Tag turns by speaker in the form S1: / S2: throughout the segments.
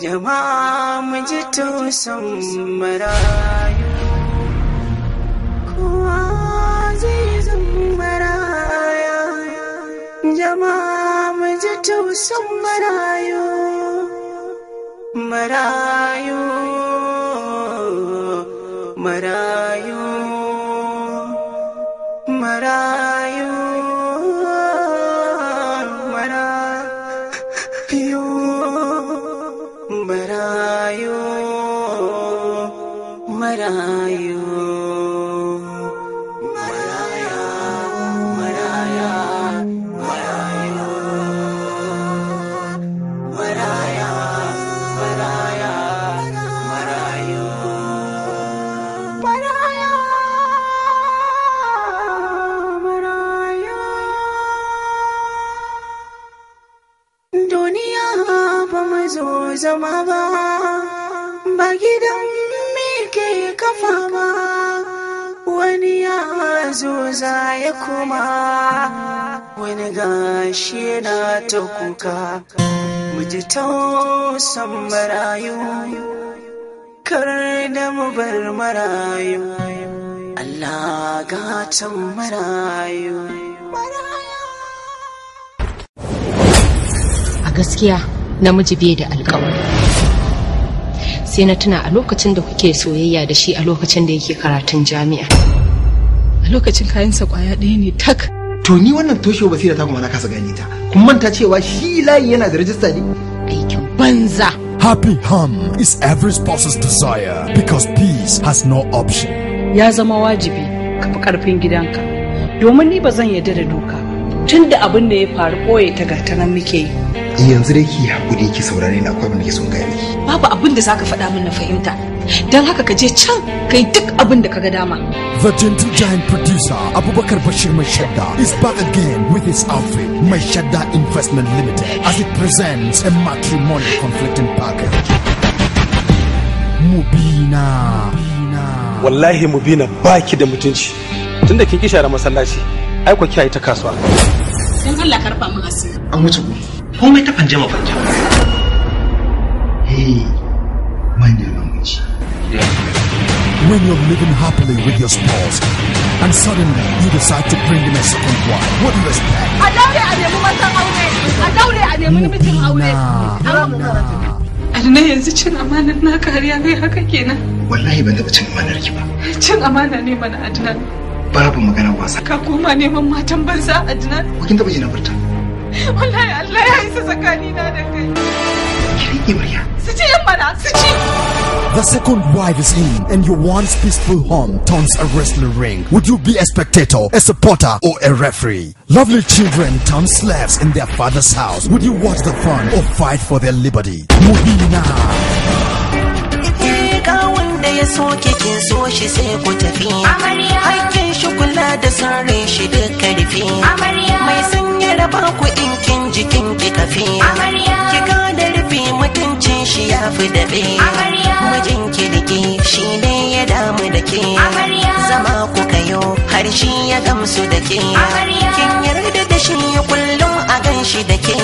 S1: jama'a mu ji tausan marayu kowa zai zama maraya jama'a mu ji marayu marayu marayu za ya kuma wani gashi na ta kuka mu ji tausan marayu kar da mu bar marayu Allah gatan marayu
S2: a gaskiya namiji bai da alkawari sai na tuna a lokacin da kuke soyayya da shi a lokacin da yake karatun jami'a lokacin kayansa kwaya
S3: ɗaya ne tak to ni wannan toshewa basira ta kuma na kasa gane ta kuma manta cewa shi layi yana da rajista ne aikin banza happy hum is every spouse's desire because peace has no option
S4: ya zama wajibi ka fi karfin gidanka
S2: domin ni ba zan yarda da doka tun da abin da ya faru koye ta nan muke
S3: yi yanzu dai ki haƙuri ki saurare na akwai da ke son gani
S2: babu abin da zaka faɗa min na fahimta don haka ka je can ka yi duk abin da ka ga dama.
S3: The Gentle Giant producer Abubakar Bashir Mai Shadda is back again with his outfit Mai Shadda Investment Limited as it presents a matrimonial conflicting package. Mubina. Wallahi Mubina baki da mutunci tunda kin kisha da masallaci ai ku kiyaye ta kasuwa.
S2: Sun Allah karfa mu asiri.
S3: An wuce ku. Komai ta ma fanje. Hey.
S4: When
S3: you're living happily with your spouse and suddenly you decide to bring in a second wife,
S4: what do you expect?
S2: A daure a nemi mazan aure, a
S4: daure a nemi
S3: namijin aure.
S4: Adina yanzu cin amanar na kariya kai haka kenan.
S3: Wallahi ban taɓa cin amanar ki ba.
S4: Cin amana ne mana Adina.
S3: Babu magana wasa.
S4: Ka koma neman matan banza Adina. Kin taɓa jina furta. Wallahi Allah ya isa tsakanina da kai. Ki rike Maryam. The second wife is
S3: him, and your once peaceful home turns a wrestling ring. Would you be a spectator, a supporter, or a referee? Lovely children turn slaves in their father's house. Would you watch the fun or fight for their liberty? Movie now.
S2: Amarya. shi ya fi dabe mijin kirki shi ne ya damu da ke zama ku kayo har shi ya gamsu da ke kin yarda da shi kullum a gan shi da ke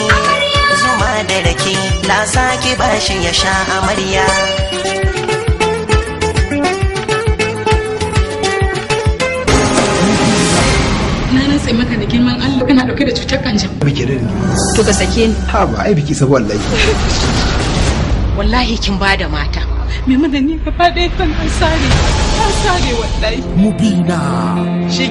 S2: zuma da rake na sake shi ya sha amarya sai maka da girman Allah kana dauke da cutar kanjamau.
S3: Muke da To ka sake ni. Ha ba ai biki sabo wallahi.
S2: wallahi kin ba da mata Me mana ni gaba ɗaya
S4: kan an sare an sare wallahi mubina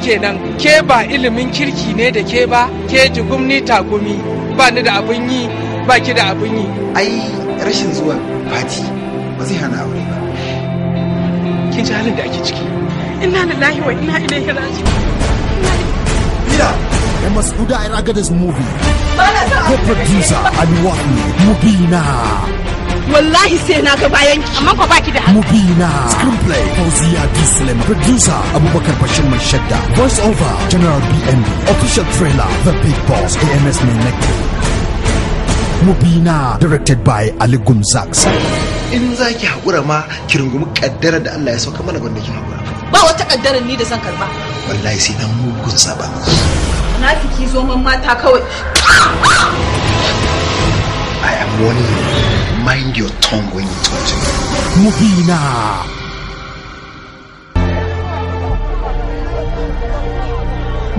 S4: kenan, ke ba ilimin kirki ne da ke ba ke ji ta gumi, ba ni da abin yi ba ki da abin yi ai rashin zuwa fati ba zai hana aure ba
S5: kin ji halin da ake ciki inna lillahi wa inna ilaihi raji'un
S3: Mira, we must put our this movie. Co-producer Aliwahi Mubina.
S2: wallahi sai na ga bayan ki amma ko baki da mubina
S3: screenplay fauziya dislem producer abubakar bashir mai shadda voice over general bnb official trailer the big boss ams mai nake mubina directed by ali gumzak in za ki haƙura ma ki rungumi ƙaddara da Allah ya sauka mana banda ki haƙura.
S1: Ba wata ƙaddarar ni da san karba.
S3: Wallahi sai na mugun saba.
S1: Na fiki zo man mata kawai.
S3: I am warning you. mind your tongue when you talk to me. Mubina.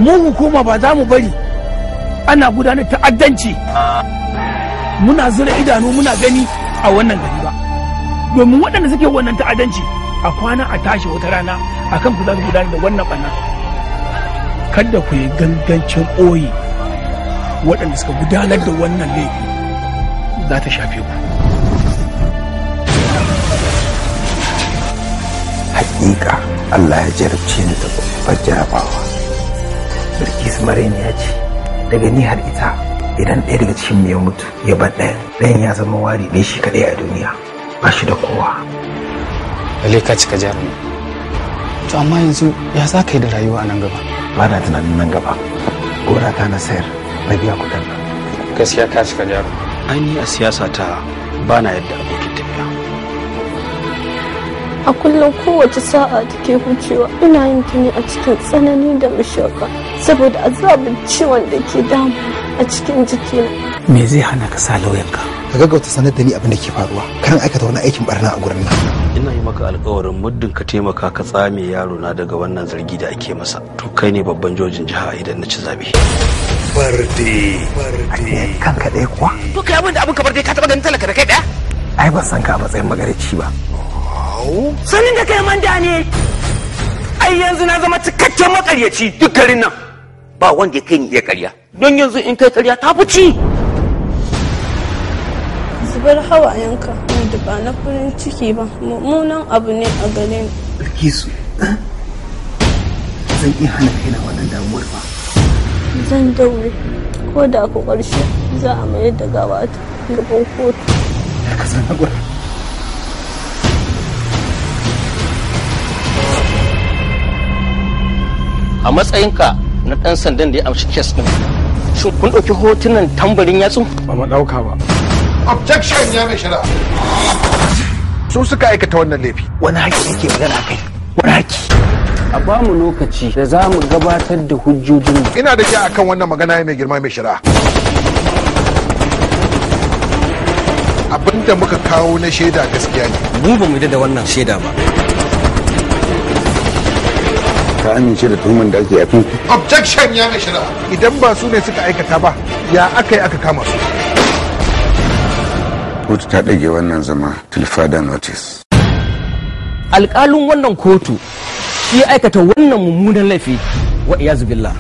S3: Mu hukuma ba za mu bari ana gudanar ta'addanci muna zura idanu muna gani a wannan gari ba. Domin waɗanda suke wannan ta'addanci a kwana a tashi wata rana a kan gudanar da wannan ɓanna. Kada ku yi gangancin ɓoye waɗanda suka gudanar da wannan laifi za ta shafe ku. hakika Allah ya jarabce ni da babbar jarabawa bilkis ya ce daga ni har ita idan ɗaya daga cikin mu ya mutu ya bar ɗayan ɗayan ya zama wari ne shi kaɗai a duniya ba shi da kowa lalle ka cika jarumi to amma yanzu ya za ka yi da rayuwa a nan gaba ba na tunanin nan gaba gora ta na sayar na biya kuɗin nan gaskiya ka cika jarumi ainihi a siyasa ta ba na yadda abokin tafiya
S2: a kullum kowace sa'a da ke wucewa ina yin tuni a cikin tsanani da mashaka saboda azabin ciwon da ke damu a cikin jiki
S4: me zai hana ka sa lauyanka
S3: ka ga gaggauta sanar da ni abin da ke faruwa karan aikata wani aikin barna a gurin nan ina yi maka alkawarin muddin ka taimaka ka tsame yaro na daga wannan zargi da ake masa to kai ne babban jojin jiha idan na ci zabe barde barde kanka ɗaya kuwa to kai abin da abin
S4: ka barde ka taɓa ganin talaka da kai ɗaya
S3: ai ban san ka a matsayin magareci ba
S4: Awo? Sanin da kai manda ne. Ai yanzu na zama cikakken makaryaci duk garin nan.
S3: Ba wanda ya kai ni iya karya. Don yanzu in kai karya ta fi
S1: Zubar hawayenka da ba na farin ciki ba mummunan abu ne a gare ni. Bilkisu, eh?
S3: zan iya hana na wannan damuwar ba.
S1: Zan daure ko da ku ƙarshe za a mayar da gawa ta gaban kotu. Ka zan haƙura.
S3: a matsayinka na ɗan sandan da ya amshi kes ɗin shin kun ɗauki hotunan tambarin yatsu
S5: ba mu ɗauka ba objection ya mai shira.
S3: su suka aikata wannan laifi wani haƙƙi yake magana kai wani haƙƙi a ba mu lokaci da za mu gabatar da hujjojin ina da ke akan wannan magana mai girma mai shira. abinda muka kawo na shaida gaskiya ne mu ba mu da wannan shaida ba
S6: ka amince da tuhuman da ake yafi
S3: objection ya mai shari'a idan ba su ne suka aikata ba ya aka yi aka kama su kotu ta ɗage wannan zama tilfada notice alƙalin wannan kotu shi aikata wannan mummunan laifi wa iyazu billah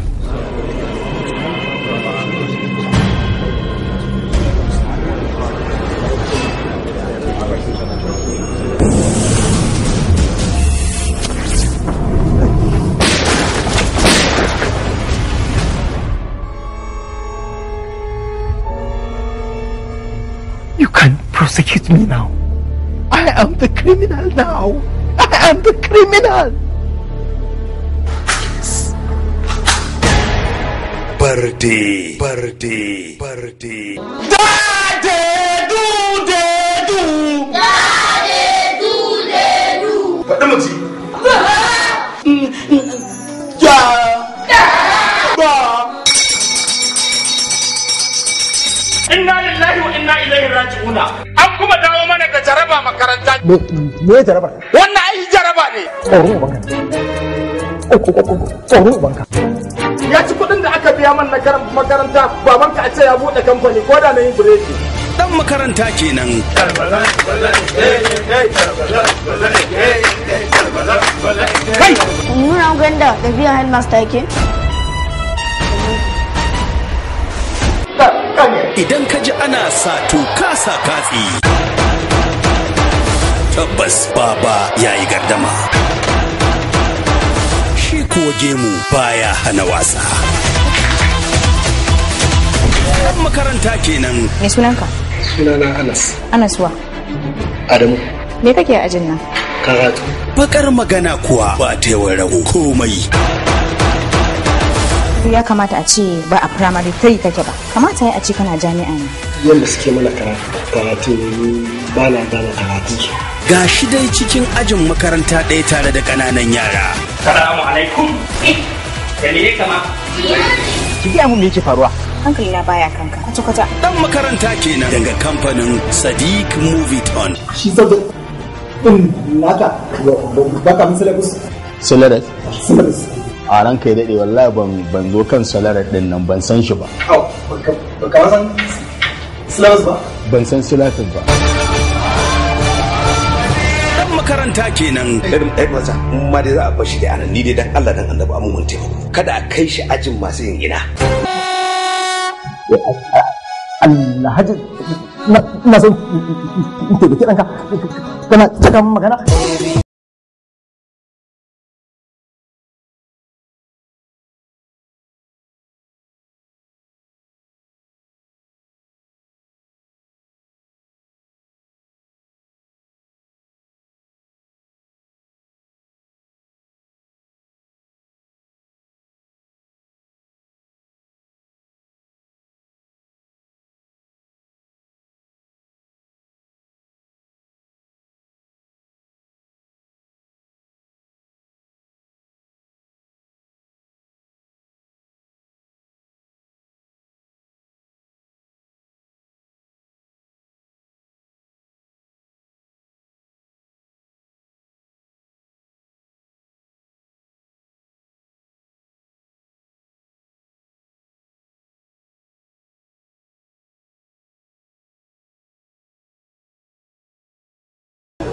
S3: prosecute me now. I am the criminal now. I
S7: am the criminal. Yes.
S3: Birdie, birdie, birdie. Daddy, do, do, do. Daddy, do, do, do. do Madam, yeah. yeah.
S5: Inna lillahi wa inna ilaihi raji'una an kuma dawo mana da jaraba makaranta me me jaraba wannan ai jaraba ne
S3: tsoro ubanka tsoro ubanka ya ci
S5: kuɗin da aka biya man na makaranta babanka a ce ya buɗe kamfani ko da na yin bireki
S3: dan makaranta kenan
S1: kai nuna ganda da biya headmaster yake
S3: Idan ka ji ana sa ka sa katsi. Tabbas baba ya yi gardama. Shi kuwa gemu baya hana wasa. Yan makaranta kenan. Me sunanka? Sunana Anas. Anas wa? Adamu.
S1: Me kake a ajin nan?
S3: Karatu. Bakar magana kuwa ba ta yawan rago komai.
S2: ya kamata a ce ba a primary three kake ba kamata ya a ce kana jami'a ne
S3: yadda suke mana karatu ba na gane karatu ga shi dai cikin ajin makaranta ɗaya tare da ƙananan yara salamu alaikum da ya kama ki gaya mu me yake faruwa
S1: hankali na baya kanka a kwata
S3: dan makaranta kenan daga kamfanin sadiq movie ton shi sabu in naka ba ka syllabus syllabus syllabus a ranka ya daɗe wallahi ban ban zo kan salarar ɗin nan ban san shi ba.
S5: Ban san silatus ba.
S3: Dan makaranta kenan. Ɗan ɗan maza ma dai za a bar da anan ni dai dan Allah dan annabi amma mun taimako. Kada a kai shi ajin masu yin gina. Allah hajji
S7: na son taimaki ɗanka kana cikin magana.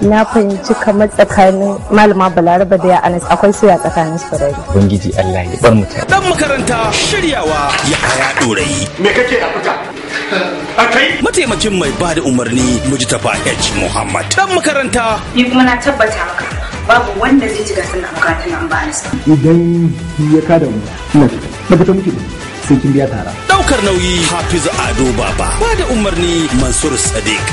S2: na fahimci kamar tsakanin malama balaraba da ya anas akwai suya tsakanin su furari
S7: bangiji allah ya bar mutane dan makaranta
S3: shiryawa ya kaya dorayi me kake a fita akai mataimakin mai ba da umarni mujtafa h muhammad
S2: dan makaranta ni kuma na tabbata maka babu wanda zai ji gasar na makarantar nan ba anas
S3: idan ya kada mu ina tabbata muke sai kin biya tara daukar nauyi hafizu ado baba ba da umarni mansur sadiq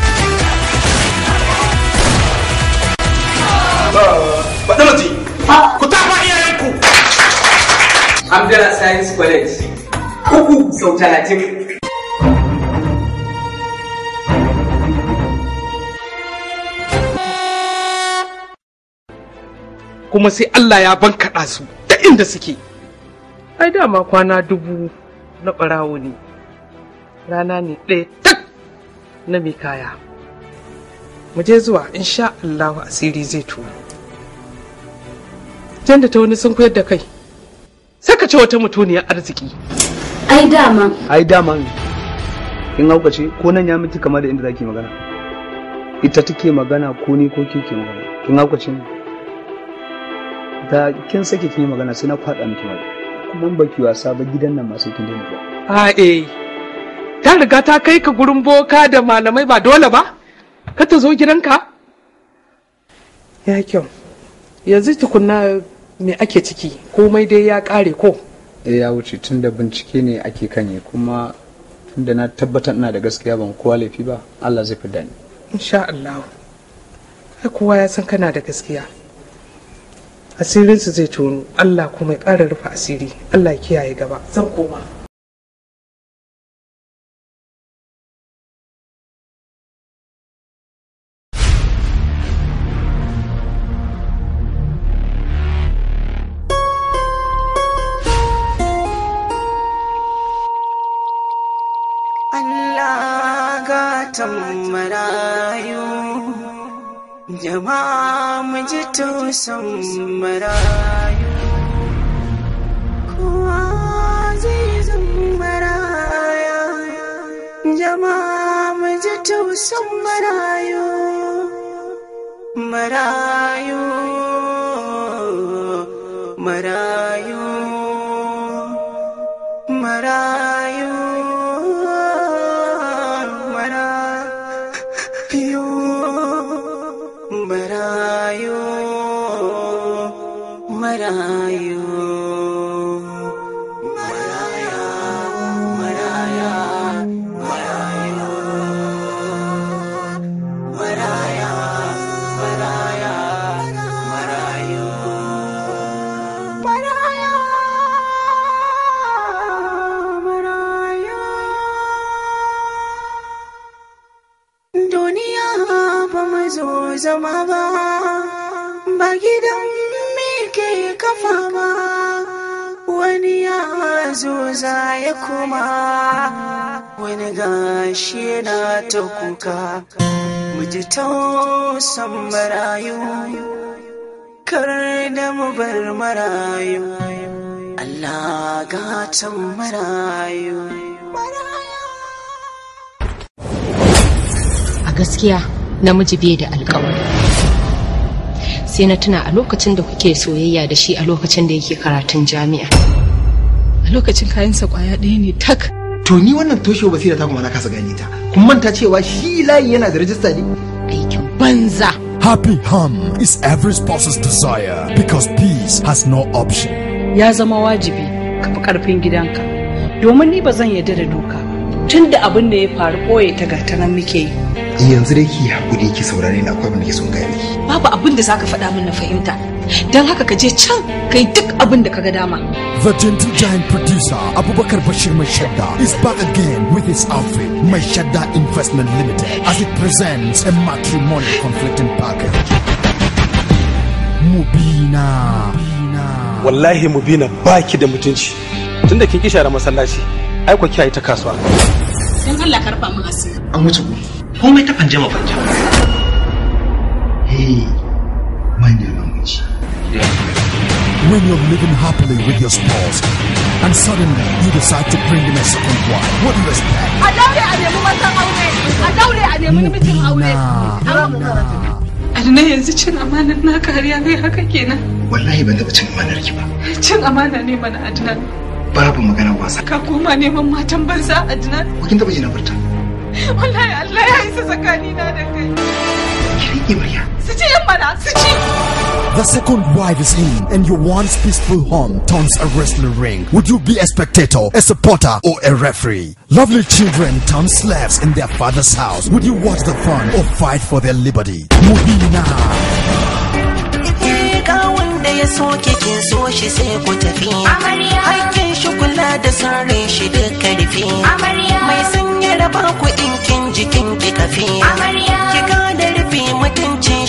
S4: ku tafa iyayenku Science College uku sau talatin kuma sai Allah ya bankaɗa su da inda suke. Ai dama kwana dubu na ɓarawo ne, rana ne ɗaya tak na mai kaya. Mu je zuwa, insha Allah asiri zai tuni. yadda ta wani sun koyar da kai sai ka ce wata mutuniyar arziki ai dama ai dama in hauka ce ko nan ya miki kamar da inda
S6: zaki magana ita take magana ko ni ko kike magana kin hauka ce da kin sake kin magana sai na kwada miki magana kuma ba ki wasa ba gidan nan masu kin dinga
S4: a eh ta riga ta kai ka gurin boka da malamai ba dole ba ka ta zo gidanka ya kyau yanzu tukunna me ake ciki komai dai ya kare ko e ya wuce tunda
S6: bincike ne ake kanye kuma tunda na tabbatar ina da gaskiya ban kowa laifi ba
S4: Allah zai fi ni insha Allah kai kowa ya san kana da gaskiya asirinsu zai tono Allah kuma ya ƙara rufe asiri Allah kiyaye gaba zan
S7: koma
S1: jama'a mu ji tusan marayu kowa zai zumbaraya jama'a kuma wani gashi na ta kuka muji ji tausan marayu kar da mu bar marayu Allah gatan marayu
S2: a gaskiya namiji bai da alkawari sai na tuna a lokacin da kuke soyayya da shi a lokacin da yake karatun jami'a a lokacin kayansa kwaya ɗaya ne tak
S3: to ni wannan toshewar basira ta kuma na kasa gane ta kuma manta cewa shi layi yana da rajista ne aikin banza happy hum is every spouse's desire because peace has no option
S2: ya zama wajibi ka fi karfin gidanka domin ni ba zan yarda da doka tun da abin da ya faru koye ta gatanan muke
S3: yi yanzu dai ki haƙuri ki saurare na akwai abin da ke son gaya
S2: babu abin da zaka faɗa min na fahimta don haka ka je can ka yi duk abin da ka ga dama. The Gentle Giant producer
S3: Abubakar Bashir Shadda is back again with his outfit Shadda Investment Limited as it presents a matrimonial conflicting package. Mubina. Wallahi Mubina baki da mutunci tunda kin ki share masallaci ai ku kiyaye ta kasuwa.
S2: Sun Allah karfa mu asiri.
S3: An wuce ku. Komai ta ma fanje. Hey, manya. When you're living happily with your spouse and suddenly you decide to bring in a second wife,
S4: what do you expect?
S2: A daure a nemi matan aure, a daure a
S4: nemi
S3: namijin aure.
S4: Adina yanzu cin amanar na kariya kai haka kenan.
S3: Wallahi ban taɓa cin amanar ki ba.
S4: Cin amana ne mana Adnan.
S3: Babu magana wasa.
S4: Ka koma neman matan banza Adnan. Ko kin taɓa jina furta? Wallahi Allah ya isa tsakanina da kai. Ki riƙe Su ci yan mana,
S3: su ci. The second wife is him, and your once peaceful home turns a wrestling ring. Would you be a spectator, a supporter, or a referee? Lovely children turn slaves in their father's house. Would you watch the fun or fight for their liberty? Movie now.
S2: ya so kike so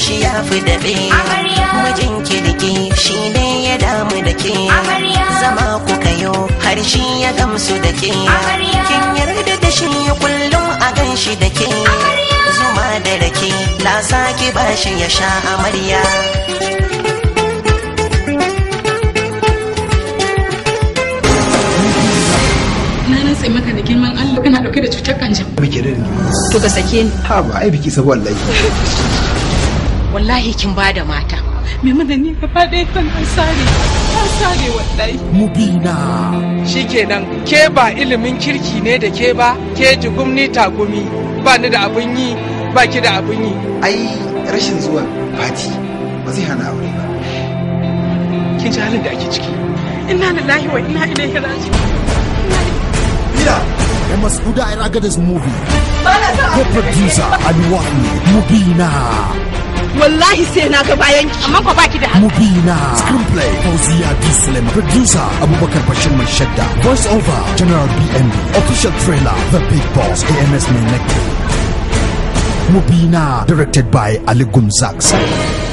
S2: shi ya fi dabe mijin kirki shi ne ya damu da ke zama ku kayo har shi ya gamsu da ke kin yarda da shi kullum a gan shi da ke zuma da rake lasa ki ba shi ya sha amarya sai maka da girman Allah kana dauke da cutar kanjamau. Biki da To ka sake ni. Ha
S3: ba ai biki sabuwar laifi.
S2: wallahi kin ba da mata mai mana ni
S4: gaba ɗaya kan an sare an sare wallahi mubina kenan, ke ba ilimin kirki ne da ke ba ke ji ta gumi, ba ni da abin yi ba ki da abin yi ai rashin zuwa fati ba zai hana aure ba kin ji halin da ake ciki inna lillahi wa inna ilaihi raji'un
S3: Mira, Emma's Buddha, I got this movie.
S4: Co-producer
S3: Aliwaki Mubina
S2: wallahi sai na ga bayan ki amma ko baki da haka. mubina
S3: screenplay fauziya d sulaiman producer abubakar bashir mai shadda voice over general bnb official trailer the big boss ams mai nake mubina directed by ali gumzak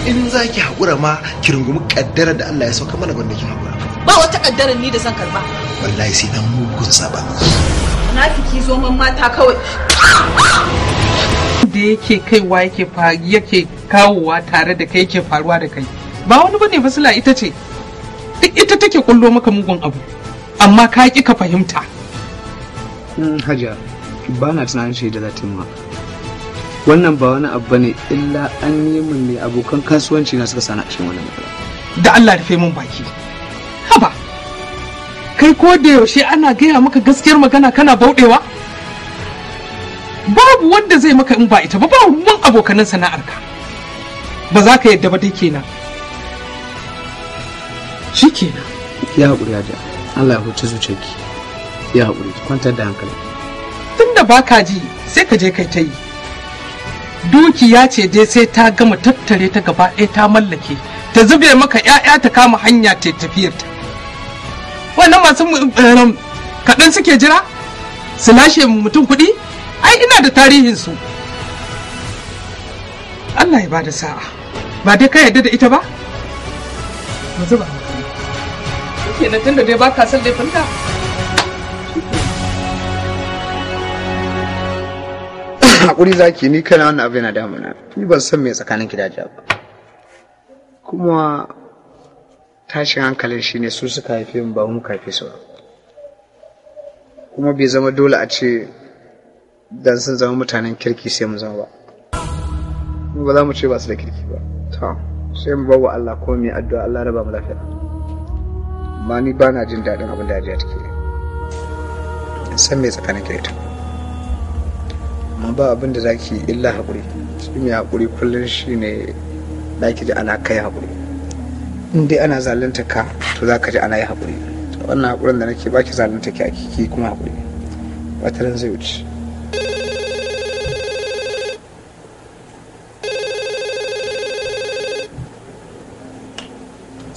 S3: in za ki haƙura ma ki rungumi ƙaddara da Allah ya sauka mana gwanda ki haƙura
S1: ba wata ƙaddara ni da zan karba
S3: wallahi sai dan
S4: mugun saba
S1: na fi zo man mata kawai
S4: da yake kaiwa yake yake kawowa tare da kai yake faruwa da kai ba wani bane fasila ita ce duk ita take kullo maka mugun abu amma ka ki ka fahimta
S6: mm, hajiya ba na tunanin shi da zatin ma wannan ba wani abu bane illa an yi min ne abokan kasuwanci na suka sana a cikin wannan matsala
S4: da Allah rufe min baki haba kai ko da yaushe ana gaya maka gaskiyar magana kana bauɗewa babu wanda zai maka in ba ita ba ba ruwan abokanan sana'arka ba za ka yadda ba dai kenan shi kenan
S6: ya haƙuri ya Allah ya huce zuciyarki ya haƙuri kwantar da hankali
S4: tun da ba ka ji sai ka je kai ta yi dukiya ce dai sai ta gama tattare ta gaba ɗaya ta mallake ta zube maka ƴaƴa ta kama hanya ta tafiyarta wannan masu eh, kaɗan suke jira su lashe mutum kuɗi ai ina da tarihin su Allah ya bada sa'a ba dai ka yarda da ita ba ba zuba kenan tunda dai baka son laifinta
S6: hakuri zaki ni kana wannan abu yana damuna ni ban san me tsakanin gidaje ba kuma tashin hankalin ne su suka haife mu ba mu kafe su kuma bai zama dole a ce dan sun zama mutanen kirki sai mu zama ba ba za mu ce ba su da kirki ba to sai mu bawa Allah ko mu addu'a Allah raba mu lafiya amma ni ba na jin daɗin abin da Hajiya take in san me tsakanin kirki ita amma ba abin da zaki illa haƙuri shi mai haƙuri kullum shi ne ki ji ana kai haƙuri in dai ana zalunta ka to za ka ji ana yi haƙuri wannan haƙurin da nake ki zalunta ki a kiki kuma haƙuri ba zai wuce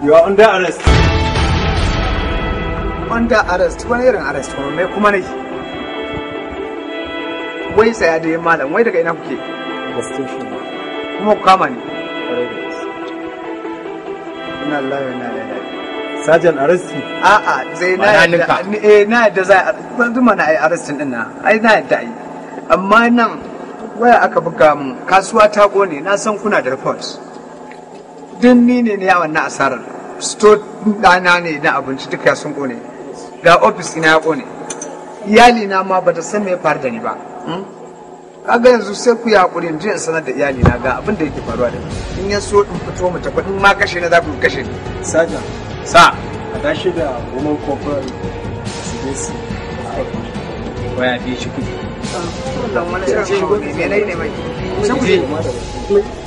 S6: You are under arrest. Under arrest? Wani irin arrest? Wani mai kuma ne? Wai saya da yin malam, wai daga ina kuke? The station. Kuma ku kama ni? Ina Allah ya nada ya Sajan arresti? A'a, zai na yadda. Eh, na yadda za a yanzu mana yi arrestin din na. Ai na yadda yi. Amma nan waya aka buga mu kasuwa ta gone na san kuna da report. duk ni ne ya wannan asarar sto dana ne na abinci duka sun kone ga ofis ina ya kone iyali na ma bata san me faru da ni ba hmm? kaga yanzu sai ku ya hakuri in sanar da iyali na ga abin da yake faruwa da ni in ya so in fito mu tafi in ma kashe na za ku kashe ni sajan sa a shi da woman corporal su je su waya bi shi kuɗi. Ah,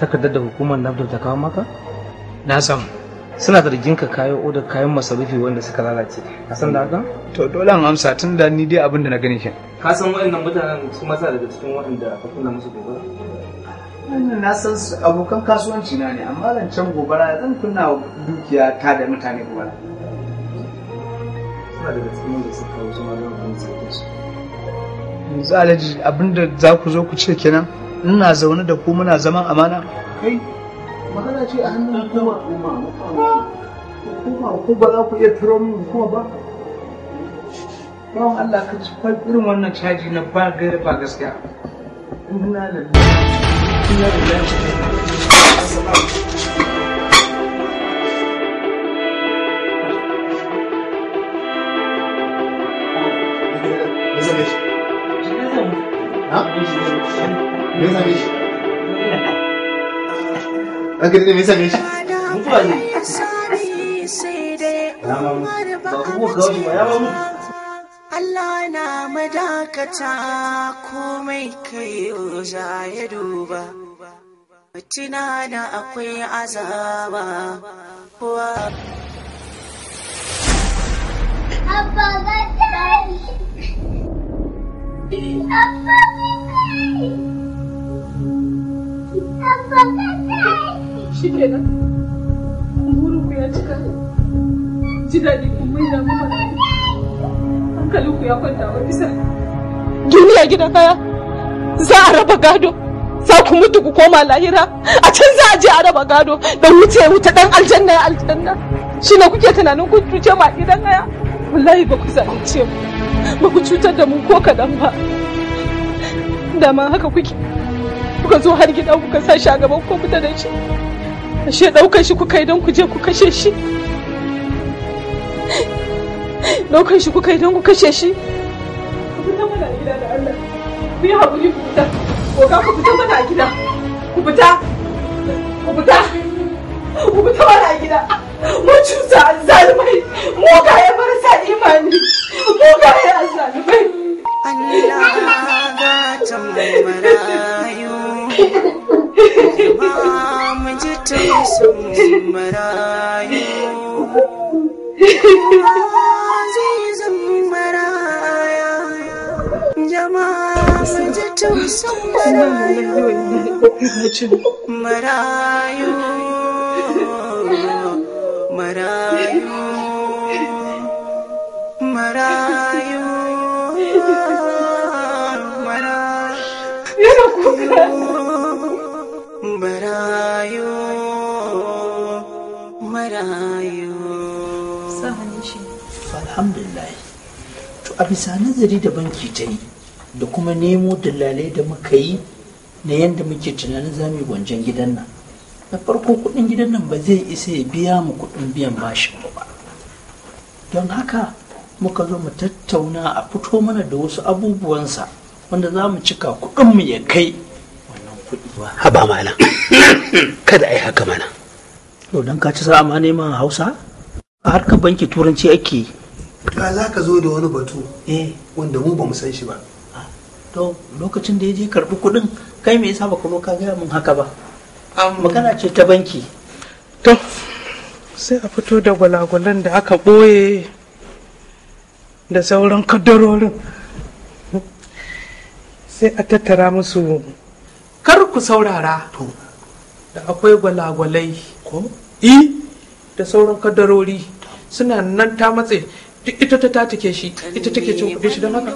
S6: takardar da hukumar nafdar ta kawo maka na samu suna zargin ka kayo odar kayan masarufi wanda suka lalace ka san da haka to dole an amsa tun da ni dai abin da na gani shi
S4: ka san waɗannan mutanen su masa daga cikin waɗanda ka kunna musu gobara
S6: na san abokan kasuwanci na ne amma zancen gobara zan kunna dukiya ta da mutane gobara suna daga cikin wanda suka kawo su ma don su yanzu alaji abinda za ku zo ku ce kenan ina zaune da ku muna zaman amana kai
S4: magana ce a hannun kuma kuma ku ba za ku iya turo min kuma ba bawan Allah ka ci
S6: irin wannan caji na ba gaira ba gaskiya
S4: ina da ina da
S6: lafiya Elizabeth. me same shi an gani me same shi
S1: mutuwa ne Allah na madakata komai kai za ya duba tuna da akwai azaba kuwa
S7: Abba ga Abba
S4: shi kenan burin ku ya cika ji daɗi kun mai da muka hankalin ku ya kwanta wa bisa duniya gida kaya za a raba gado za ku mutu ku koma lahira a can za a je a raba gado dan wuce wuta dan aljanna ya aljanna shi ne kuke tunanin kun cuce ma gidan kaya wallahi ba ku zalunce mu ba ku cutar da mu ko kaɗan ba dama haka kuke kuka zo har gida kuka sa shi a gaban ku fita da shi ashe ɗaukar shi kuka yi don ku je ku kashe shi
S1: ɗaukar shi kuka yi don ku kashe shi ku
S4: fita mana gida da Allah
S1: ku yi haƙuri ku fita oga ku fita mana gida ku
S4: fita ku fita ku fita mana gida mu cuta
S1: mu ga ya bar sa imani mu ga ya azzalumai Allah ga tambayi marayu ba mu ji tausan marayu mu ji marayu marayu marayu marayu marayu marayu marayu sahani
S3: to a bisa nazari da banki ta yi da kuma nemo dalilai da muka yi na yadda muke tunanin zami gwanjan gidan nan na farko kudin gidan nan ba zai isa ya biya mu kudin biyan bashin ba
S5: don haka muka zo mu tattauna a fito mana da wasu abubuwansa wanda za mu cika mu ya kai kuɗi ba haba
S3: kada ai haka mana to dan ka ci sa'a ma neman hausa a harkar banki turanci ake yi ka za ka zo da wani batu eh. wanda mu ba mu san shi ba ah, to lokacin da ya je karɓi kuɗin kai me yasa ba ka ka gaya min haka ba
S4: magana ce ta banki to sai a fito da gwalagwalan da aka ɓoye da sauran kaddarorin sai a tattara musu kar ku saurara to da akwai gwalagwalai ko i da sauran kadarori suna nan ta matse duk ita ta take shi ita take cin kudi shi don haka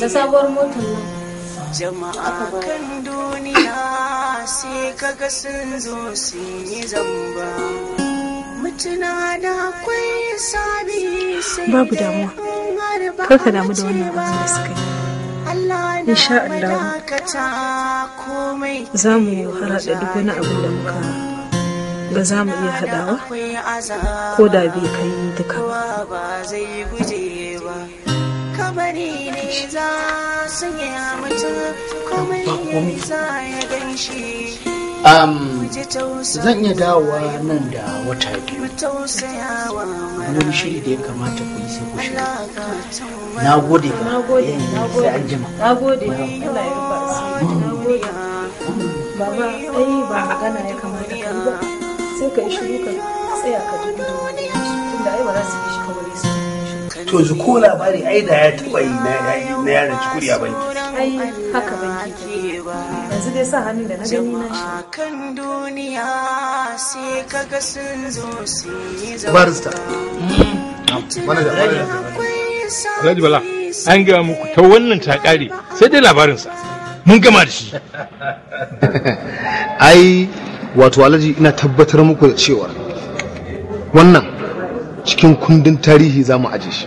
S1: da sabuwar motar nan jama'a kan duniya sai kaga sun zo sun yi zamba mutuna da akwai sabi sai babu damuwa karka damu
S2: da wannan abin da suka yi insha Allah
S1: za mu harada duk wani abin da muka ga za mu iya haɗawa ko da bai kai duka ba kabari ne za su yi mutum komai za ya ganshi Um, zan
S3: iya dawowa nan da wata biyu
S1: wani
S3: shiri da ya kamata ku
S7: yi sai
S2: ku
S1: na gode ba
S2: eh, sai an jima na gode ba ba ai ba magana ya kamata ka yi ba sai ka yi shiru ka tsaya ka ji tunda ai ba za su yi
S3: to ji ko labari ai da ya taba yi na yaran cikuri a banki
S2: ai
S1: haka ba yanzu dai sa hannun da na gani na shi kan duniya sai kaga sun zo su yi barista
S5: Alhaji Bala an ga muku ta wannan ta kare sai dai labarinsa
S3: mun gama da shi ai wato alhaji ina tabbatar muku da cewa wannan cikin kundin tarihi za mu aje shi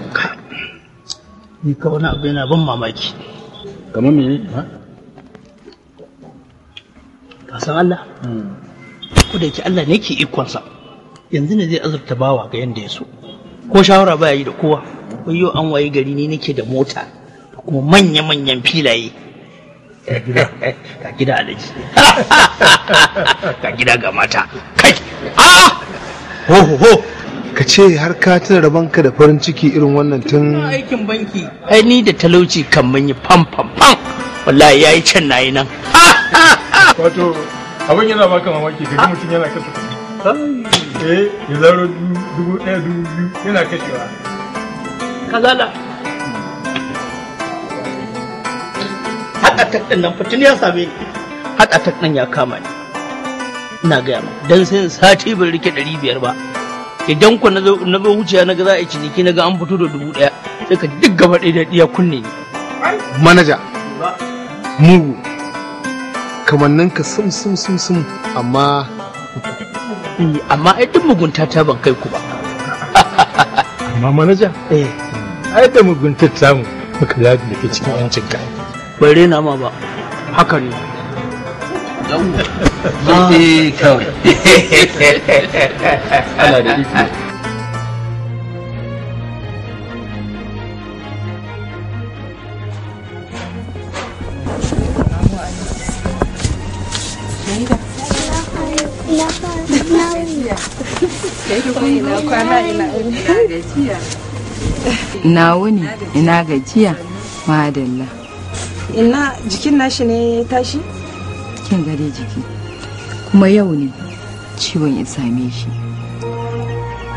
S3: ni ka wani abu yana ban mamaki kamar me ka san Allah ko da yake Allah ne ke ikonsa yanzu ne zai azurta bawa ga yanda ya so ko shawara ba yi da kowa yau an waye gari ne nake da mota kuma manya-manyan filaye ka gida daji. ka gida ga mata kai ah ho ho ho ka ce har ka tuna rabanka da farin ciki irin wannan tun
S4: aikin banki
S3: ai ni da talauci kan mun yi fam fam pam wallahi yayi can nayi nan
S5: wato abin yana baka mamaki ga mutum yana kasa eh ya zaro dubu ɗaya dubu biyu yana kashewa kazala haɗa
S3: tak nan fitin ya same ni haɗa tak ya kama ni ina gaya ma dan sai sati bai rike ɗari biyar ba idan ku na zo wuciya na ga za a yi ciniki na ga an fito da dubu ɗaya sai ka duk gaba ɗaya da iya kunne ne. manaja mugu kamannin ka sum sum sum sum amma eh, amma ai duk mugunta ta ban kai ku ba amma manaja eh ai da mugunta ta mu muka da ke cikin yancin ka bare na ma ba haka ne
S7: eh kawai ana da iko
S2: Na wuni ina gajiya madalla. Ina jikin nashi ne tashi? cikin gare jiki kuma yau ne ciwon ya same shi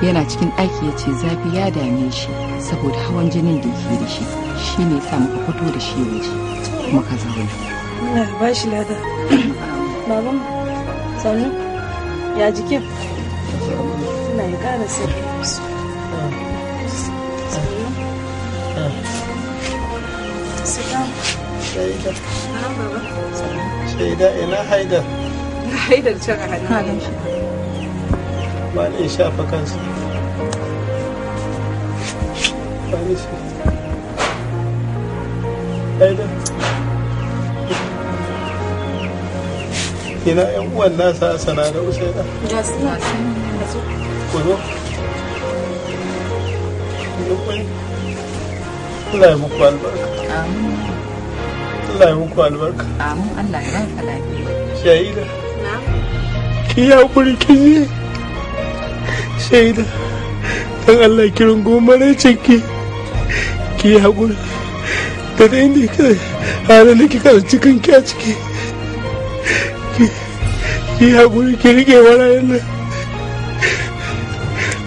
S2: yana cikin ɗaki ya ce zafi ya dame shi saboda hawan jinin da yake da shi shi ne sa muka fito da shi waje muka zauna. Allah ya shi lada. Baban sanu ya
S1: jikin? Ina ya kara sai. Sai ka? Ya yi
S4: ta.
S5: shaida ina haidar
S4: haidar can a
S5: ba ne shafa kansa ba ne ina yan uwan nasa a sana da usaina ya suna ya muku albarka. Amin. Allah ya muku
S2: albarka amin Allah ya baka lafiya
S5: shaida ki ya kuri dan Allah kirin ciki ki ya kuri da da da cikin ki a ciki ki ya kuri ki rike warayen nan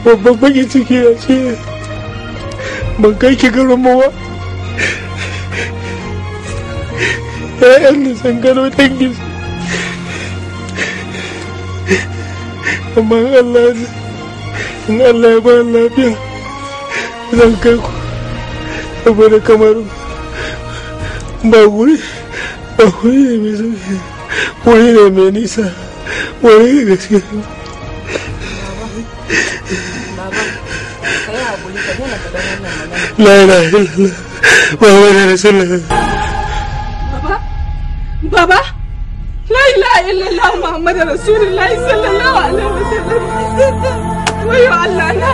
S5: babban baki ciki ya ce ban kai ki garin mawa 'ya'yan da sun gano dangin amma Allah in Allah ya bani lafiya zan kai ku saboda kamar ba wuri ba wuri ne mai sauki wuri ne mai nisa la, ne gaske
S7: la la, illallah muhammadu la.
S4: Baba, la ilaha illallah Muhammadu Rasulullah sallallahu alaihi wa sallam. Wayo Allah na,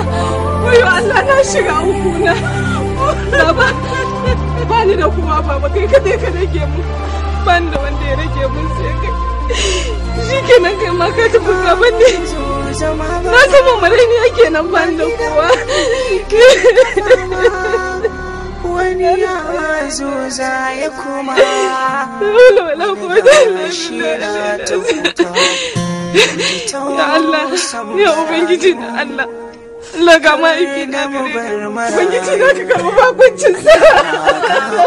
S4: wayo Allah na shiga uku na. Baba, ba ni da kuma baba kai ka dai ka rage mu. Ban da wanda ya rage mu sai kai. Shi kenan kai ma ka tafi gaban ne.
S1: Na san mamare ne ake nan ban da kowa. wani ya zo za ya kuma ya Allah ya ubangiji Allah
S2: Allah ga na
S1: gare ubangiji na ka karɓi bakuncin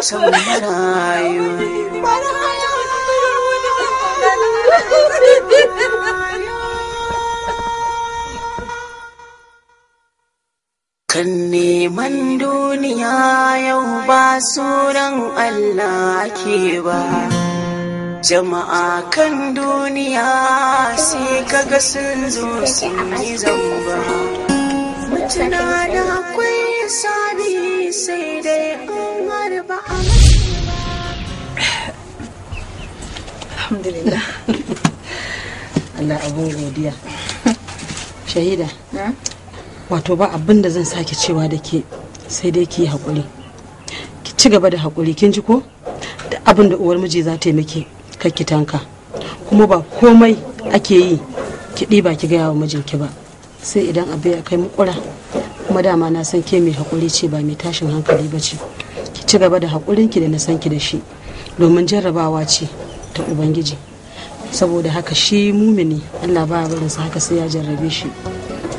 S1: sa kan neman duniya yau ba sunan Allah ke ba jama'a kan duniya sai kaga sun zo sun yi zamba mutuna da akwai sabi
S2: sai dai umar ba a alhamdulillah Allah abin godiya shahida hmm? wato ba abin da zan sake cewa da ke sai dai ki yi haƙuri ki ci gaba da haƙuri kin ji ko da abin da uwar miji za ta yi miki ki tanka kuma ba komai ake yi ki ɗiba ki gaya wa mijinki ba sai idan abu ya kai mukura kuma dama na san ke mai haƙuri ce ba mai tashin hankali ba ce ki ci gaba da ki da na san ki da shi domin jarrabawa ce ta ubangiji saboda haka shi mumini allah ba barinsa haka sai ya jarrabe shi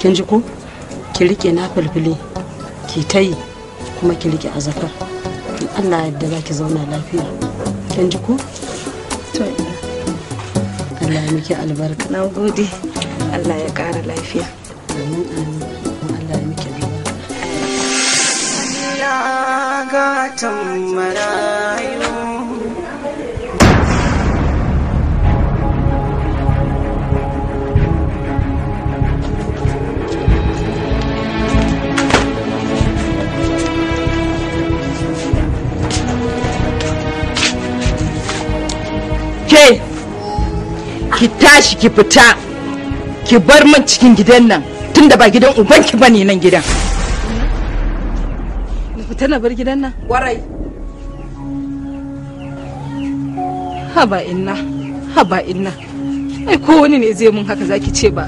S2: kin ji ko ki rike na filfile ki ta kuma ki rike azakar in allah yadda za ki zauna lafiya kin ji ko allah ya miki albarka na gode allah ya kara lafiya amin amin allah
S1: ya miki
S2: ke ki tashi ki fita ki bar min cikin gidan nan tunda ba gidan ubanki bane nan gidan
S4: fita na bar gidan nan warai haba inna haba inna ai ko wani ne zai mun haka zaki ce ba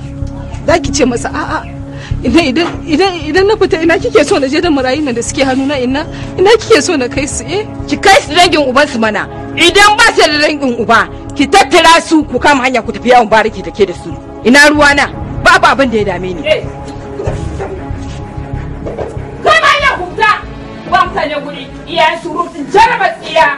S4: zaki ce masa a'a idan na fita ina kike so na je da marayun nan da suke
S2: hannuna ina ina kike so na kai su eh ki kai su rangin uban su mana idan ba su da rangin uba ki tattara su ku kama hanya ku tafi yawon bariki da ke da su ina ruwa na ba abin da ya dame ni eh. kai ma ina kuta ba mutane guri iyayen surutun jarabar tsiya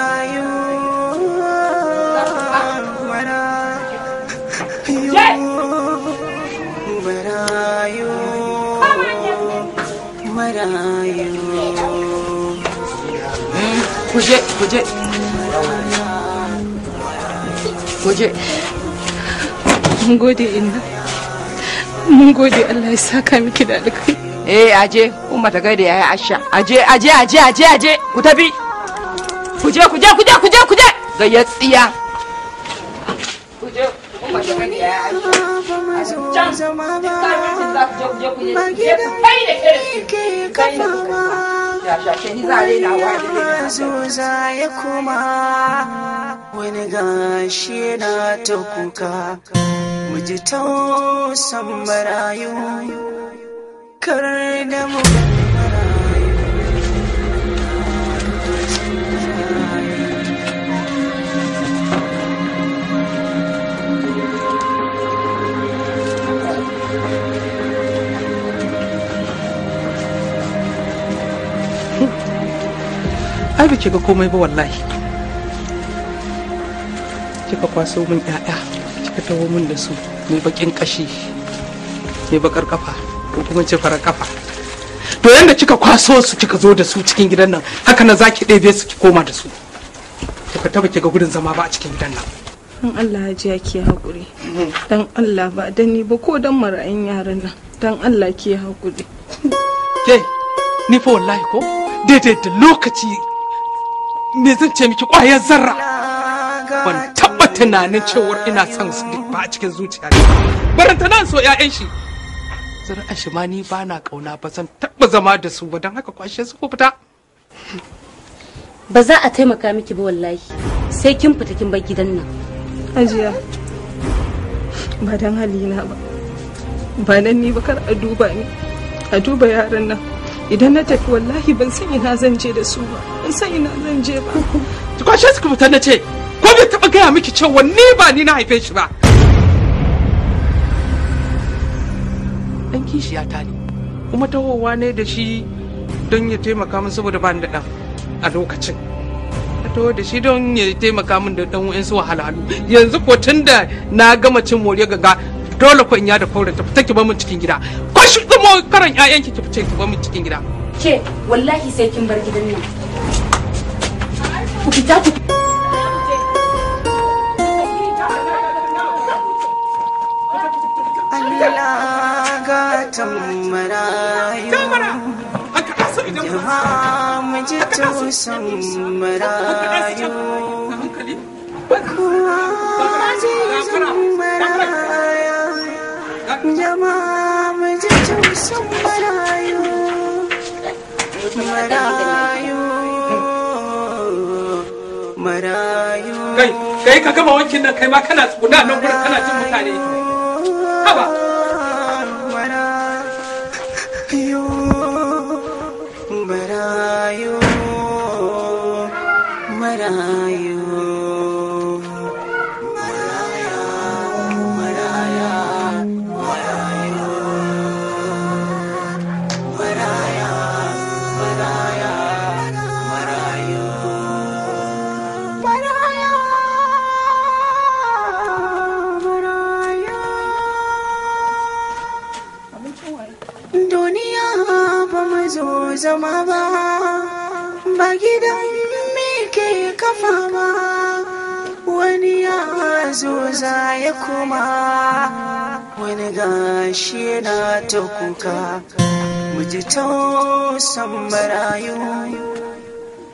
S2: kuje kuje kuje mun gode inna mun gode Allah ya saka miki da alkai eh aje umma ta gaida yayi asha aje aje aje aje aje ku tafi kuje kuje kuje kuje kuje ya tsiya kuje umma ta gaida yayi asha
S1: ya kuma wani gashi na ta kuka ji tausan marayu kar da mu
S4: ai ba ga komai ba wallahi kika kwaso min ƴaƴa kika tawo min da su ne bakin kashi ne bakar kafa ko kuma ce farar kafa to yanda kika kwaso su kika zo da su cikin gidan nan haka na zaki ɗebe su ki koma da su kika taba kiga gudun zama ba a cikin gidan nan dan Allah ya ji ki hakuri dan Allah ba dani ba ko dan marayin yaran nan dan Allah ki hakuri ke ni fa wallahi ko daidai da lokaci me zan ce miki kwayar zarra ban taɓa tunanin cewar ina son su duk ba a cikin zuciya ne baranta nan so ƴaƴan shi zuri'an shi ma ni ba na ƙauna ba zan taba zama da su ba don haka kwashe su ko fita
S2: ba za a taimaka miki ba wallahi sai kin fita kin bar gidan nan ajiya ba dan halina ba ba nan ni ba
S4: kar a duba ni a duba yaran nan idan na tafi wallahi ban san ina zan je da su ba ban san ina zan je ba ki kwashe su ku fita na ce ko bai taba gaya miki cewa ni ba ni na haife shi ba dan kishiya ta ne kuma tahowa ne da shi don ya taimaka min saboda ba ni da dan a lokacin taho da shi don ya taimaka min da dan wa'insu wahalhalu yanzu ko tun da na gama cin moriya gaga dole ko in ya da faura ta fita ki bar mun cikin gida ba shi zumo karan ki fice ki mu cikin gida
S2: ke wallahi sai kin bar gidan nan ku fita ku
S1: gatan marayu Jama'a mu ji marayu ji Jama'a sun marayu marayu marayu kai kai ka gama wankin
S4: nan kai ma kana tsuna nan gurin kana jin mutane haba
S1: ba ba gidan me ke kafa ba wani ya zo za ya kuma wani gashi yana ta kuka mu ji san marayu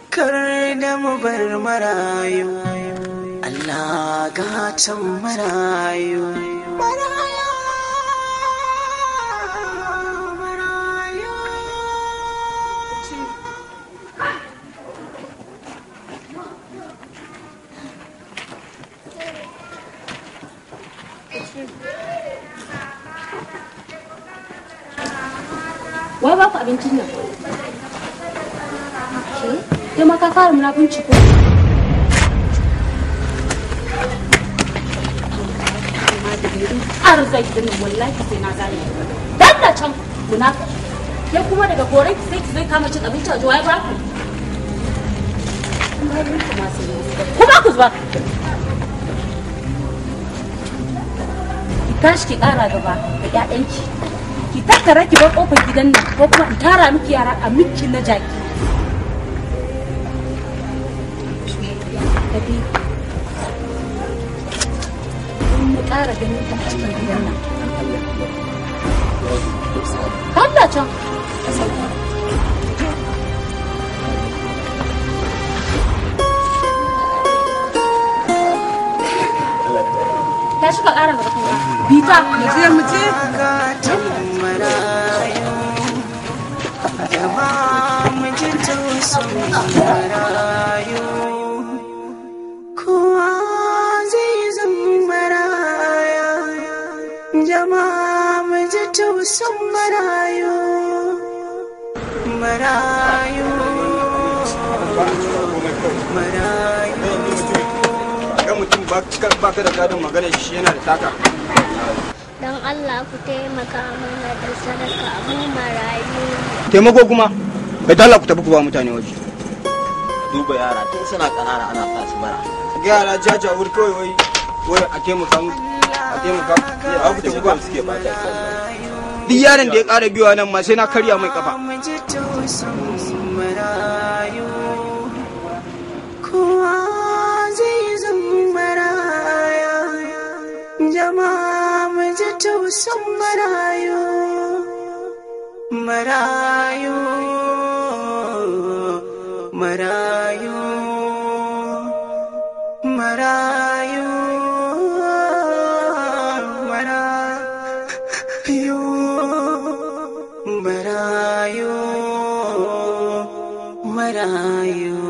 S1: kar da mu bar marayu Allah gatan marayu marayu
S2: Wai ba ku abincin nan? Ke? Kai ma ka fara munafunci ko? Arzai din wallahi sai na gane. Dalla can munafunci. Ke kuma daga gore ki sai ki zai kama cin abinci a juwa ya ba ku. Kuma ku zuba. tashi ki ƙara gaba da ƴaƴanki ki tattara ki bar ƙofar gidan nan ko kuma in tara miki yara a miki na jaki ƙara can.
S4: Bita, mu je mu
S2: je. zai
S1: marayu, marayu,
S3: marayu. mutum ba ka da gadon maganar shi yana da taka.
S5: don Allah ku taimaka mana da sadaka mu
S3: marayu taimako kuma kai ta Allah ku tafi ku ba mutane waje duba yara tun suna kanana ana sa mara. bara ga yara jaja wuri kawai wai wai a taimaka mu a taimaka a ku tafi ba suke ba ta duk yaron da ya kara biyo nan ma sai na karya mai kafa
S1: sam marayo marayo marayo marayo marayo marayo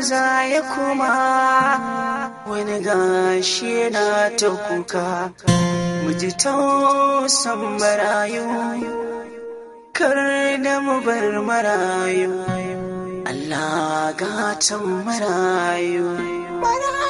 S1: maza ya kuma wani gashi na ta kuka muji tausan marayu kar da mu bar marayu Allah gatan marayu marayu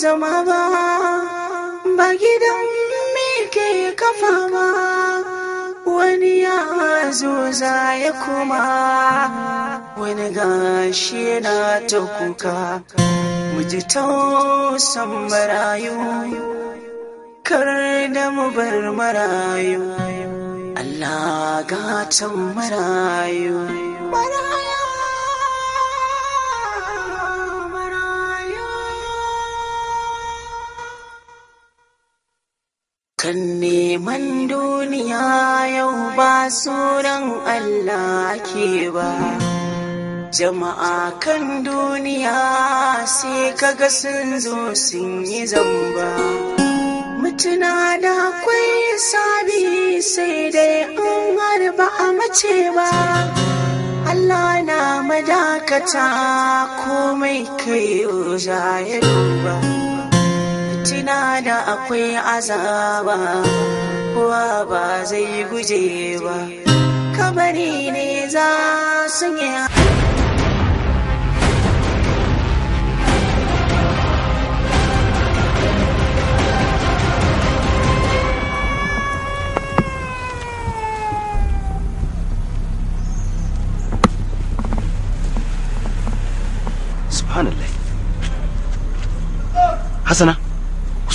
S1: zama ba ba gidan me ke kafa ba wani ya zo za ya kuma wani gashi yana ta kuka mu ji tausan marayu kar da mu bar marayu Allah gatan marayu marayu Kan neman duniya yau ba sunan Allah ke ba. Jama'a kan duniya sai kaga sun zo sun yi zamba. Mutuna da kwai sabi sai dai an harba a mace ba. Allah na madakata komai kai ya duba. ina da akwai azaba kowa ba zai guje ba kabari ne za su yi subhanallah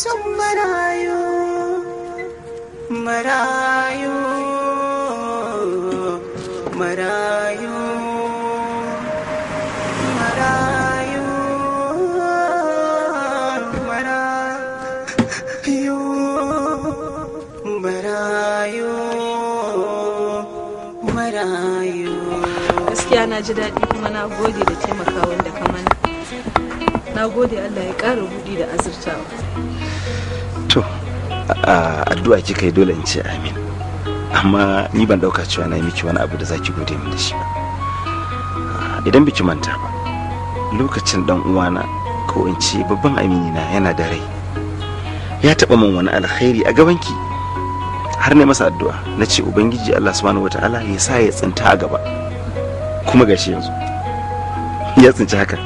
S1: son marayu marayu marayu marayu marayu marayu marayu gaskiya na ji daɗi kuma na
S2: gode da taimaka wanda ka mana na gode allah ya ƙara buɗi da azurtawa
S3: addu'a kika yi dole in ce amin amma ni ban dauka cewa na yi miki wani abu da zaki gode min da shi ba idan biki manta ba lokacin dan uwana ko in ce babban amini na yana da rai ya taba min wani alkhairi a gaban ki. har ne masa addu'a na ce ubangiji Allah subhanahu wataala ya sa ya tsinta a gaba kuma gashi yanzu ya tsinci haka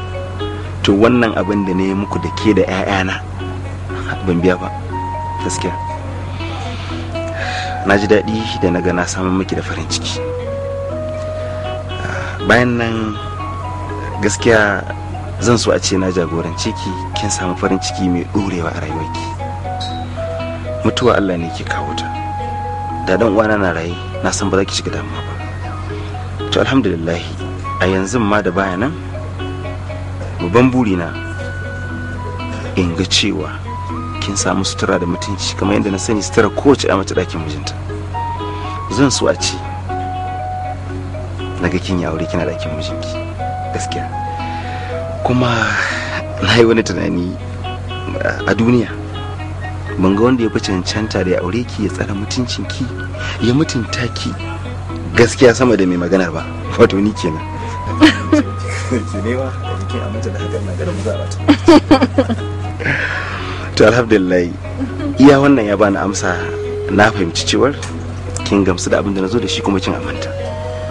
S3: to wannan abin da ne muku da ke da 'ya'yana ban biya ba gaskiya na ji daɗi da na ga na samun miki da farin ciki bayan nan gaskiya zan so a ce na jagoranci ki kin samu farin ciki mai ɗorewa a rayuwarki mutuwa allah ne ke kawo ta da ɗan uwana na raye na san ba za ki shiga damuwa ba to alhamdulillah a yanzu ma da bayanan nan babban burina in ga cewa kin samu sutura da mutunci kamar yadda na sani sutura kowace a mace ɗakin mijinta zan so a ce na ga kin ya aure kina ɗakin mijinki gaskiya kuma na yi wani tunani a duniya ban ga wanda ya fi cancanta da ya aure ki ya tsara mutuncinki ya mutunta ki gaskiya sama da mai maganar ba wato ni kenan ki ne da kike amince da hakan na garin mu za a to alhamdulillah iya wannan ya bani amsa na fahimci cewar kin gamsu da abin da na zo da shi kuma kin amanta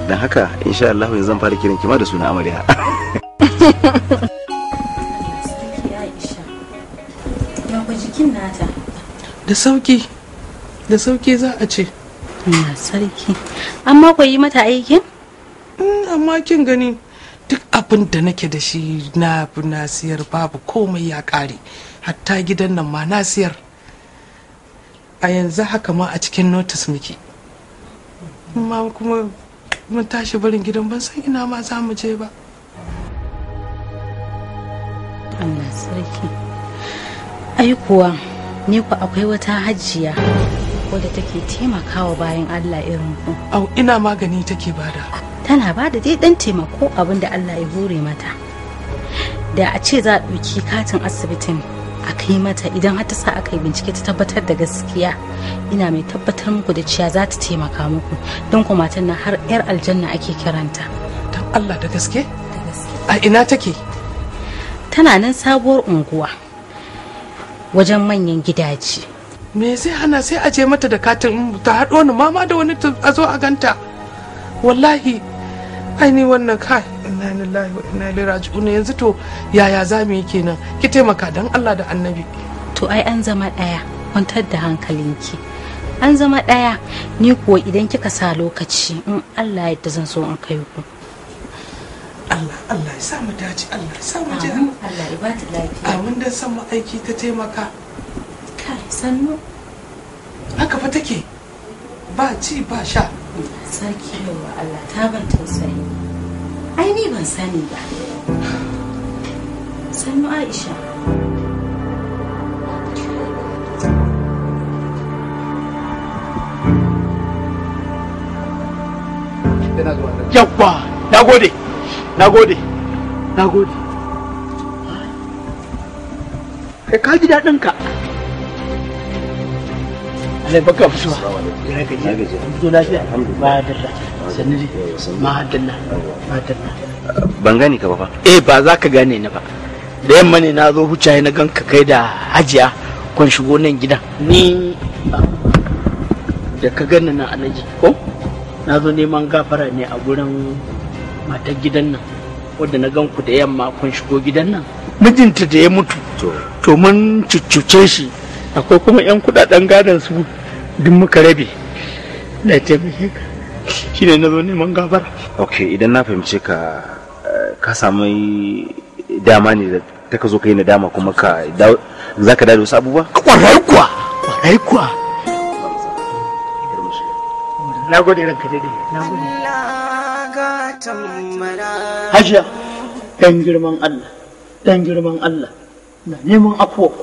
S3: don haka insha Allah yanzu zan fara kiran kima da suna amarya
S4: da sauki da sauki za a ce na sarki amma ku yi mata aikin mm, amma kin gani duk abin da nake da shi na na siyar babu komai ya kare hatta gidan nan ma na siyar a yanzu haka ma a cikin notis muke ma kuma mun tashi barin gidan ban san ina ma za mu je ba
S2: Allah sarki ai kuwa ni ku akwai wata hajjiya wadda take taimakawa bayan Allah irin ku au ina magani take bada tana bada dai dan taimako abinda Allah ya hore mata da a ce za a ɗauki katin asibitin a yi mata idan har ta sa aka yi bincike ta tabbatar da gaskiya ina mai tabbatar muku da cewa za ta taimaka muku don kuma matan nan har yar aljanna ake kiranta don Allah da gaske
S4: a ina take tana nan sabuwar unguwa
S2: wajen manyan gidaje
S4: me zai hana sai a je mata da katin ta haɗo ni mama da wani a zo a ganta wallahi ai ni wannan kai inna lillahi wa inna ilaihi raji'un yanzu to yaya za mu yi kenan ki taimaka dan Allah da annabi
S2: to ai an zama daya kwantar da hankalinki an zama daya ni kuwa idan kika sa lokaci in Allah ya zan so in kai ku Allah
S4: Allah ya sa mu dace Allah ya sa mu ji Allah ya ba ta lafiya amin da san mu aiki ta taimaka
S2: kai sannu haka fa take ba ci ba sha sarki yawa Allah ta ban tausayi ai ni ban sani ba sannu Aisha
S3: yawwa na gode na gode na gode kai ka ji daɗinka Allah baka fi suwa ya raka ji an fito lafiya ba dalla sannu ji ma dalla ma dalla ban gani ka ba fa eh ba za ka gane ni ba da yamma ne na zo hucaye na ganka kai da hajiya kun shigo nan gidan ni da ka gani na alaji ko na zo neman gafara ne a gurin matar gidan nan
S5: wadda na gan ku da yamma kun shigo gidan nan mijinta da ya mutu to mun cuccuce shi akwai kuma 'yan kudaden gadon su duk muka rabe da
S3: taimake ka shi ne na zo neman gabara ok idan na fahimce ka eh, ka samu dama ne da ta ka zo ka yi nadama kuma ka za ka dada wasu abubuwa kwarai kuwa kwarai kuwa
S5: na gode ran ka daidai na gode hajiya ɗan girman allah ɗan girman allah na neman afuwa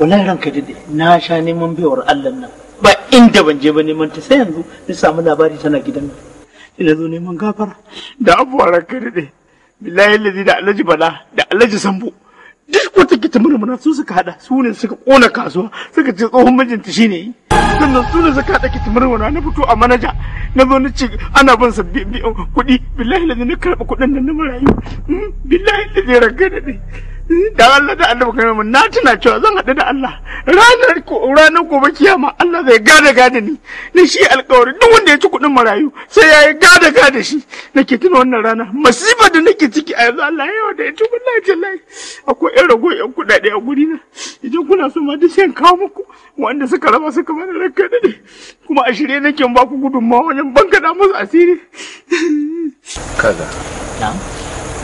S5: wallahi ranka dade na sha neman baiwar Allah nan ba inda ban je ba neman ta sai yanzu na samu labari tana gidan nan ina zo neman gafara da abuwa ranka dade billahi lazi da alaji bala da alaji sambo duk wata kita murmuna su suka hada su ne suka kona kasuwa suka ce tsohon mijinta shine yi sannan su ne suka hada kita murmuna na fito a manaja na zo na ce ana bin sa kuɗi billahi lazi na karɓa kuɗin nan na marayu hmm? billahi lazi ranka dade da Allah da Allah na tuna cewa zan haɗu da Allah ranar ranar gobe kiyama Allah zai gada gada ni ni shi alƙawari duk wanda ya ci kuɗin marayu sai yayi gada gada shi nake tuna wannan rana masifa da nake ciki a yanzu Allah yau da ita wallahi tallahi akwai ɗan rago ɗan kuɗaɗe a guri na idan kuna so ma duk kawo muku wanda suka raba suka mana rakka da ne kuma a shirye nake ba ku gudunmawa wajen da musu asiri
S7: kaga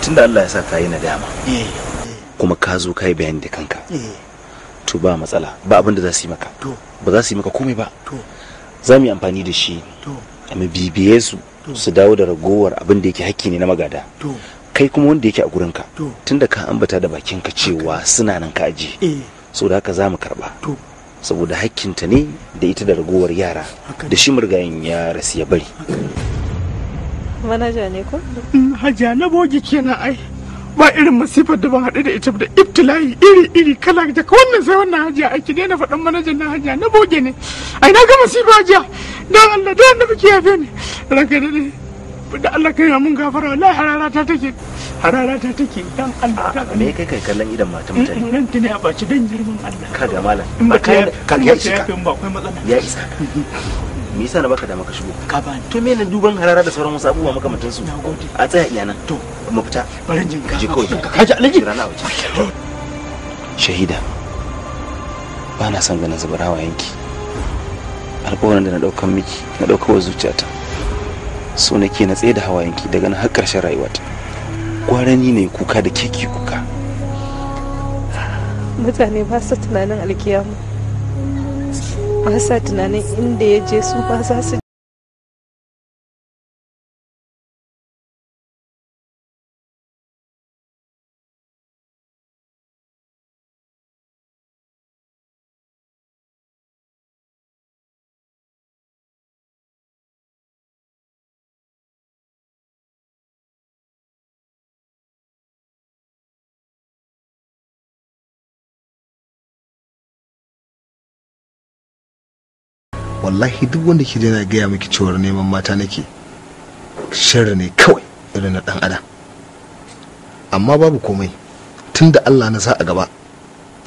S3: tunda Allah ya sa ka yi nadama eh kuma ka zo ka yi bayani da kanka eh. to ba matsala ba abin da za su yi maka ba za su yi maka komai ba za mu yi amfani da shi mu bibiye su su dawo da ragowar abin da yake hakki ne na magada kai kuma wanda yake a gurinka tunda ka ambata da bakinka cewa suna nan ka aji eh. so da haka za mu karba saboda hakkinta ne da ita da ragowar yara da shi murgayen ya rasu ya bari
S7: manaja ne ko
S5: mm, hajiya na bogi kenan ai ba irin masifar da ban haɗu da ita da ibtila'i iri iri kala da wannan sai wannan hajiya aiki daina faɗin manajan na hajiya na boge ne ai na ga masifa hajiya don Allah don annabi ki yafe ni ranka da ne da Allah kai mun gafara wallahi harara ta take harara ta take dan Allah ta ne kai kai kallon idan mata mutane mm, nan tuni a baci dan girman Allah kaga malam ka kai ka yafe ba akwai matsala ya
S3: isa me yasa na baka dama ka shigo ka bani to me ne duban harara da sauran wasu abubuwa makamantan su a tsaya iya nan to mu fita bari jin ka je kawai ka ji alaji shahida ba na son ganin zubarawa yanki alƙawarin da na ɗaukan miki na wa zuciyata so nake na tsaye da hawayenki daga na har ƙarshen rayuwata gwarani ne kuka da keke kuka
S1: mutane ba su tunanin alkiyama ba sa tunanin inda ya je su ba za su
S7: wallahi duk wanda ke yana gaya miki cewar neman mata nake sharri ne kawai irin na dan adam
S3: amma babu komai tun da Allah na sa a gaba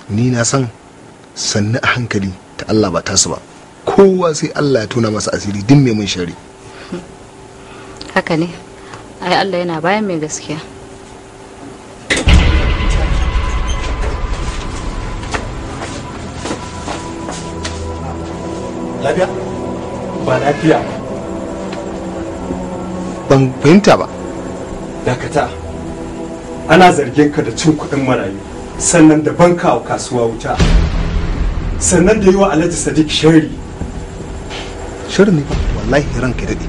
S3: ni na san sannu a hankali ta Allah ba tasu ba kowa sai Allah ya tona masa asiri din mai mun shari
S2: haka ne ai Allah yana bayan mai gaskiya
S3: lafiya ba lafiya ban fahimta ba dakata ana zargin ka da cin kuɗin marayu sannan da banka wa kasuwa wuta sannan da yi wa alhaji sadiq shari shari ne ba wallahi ranka daɗe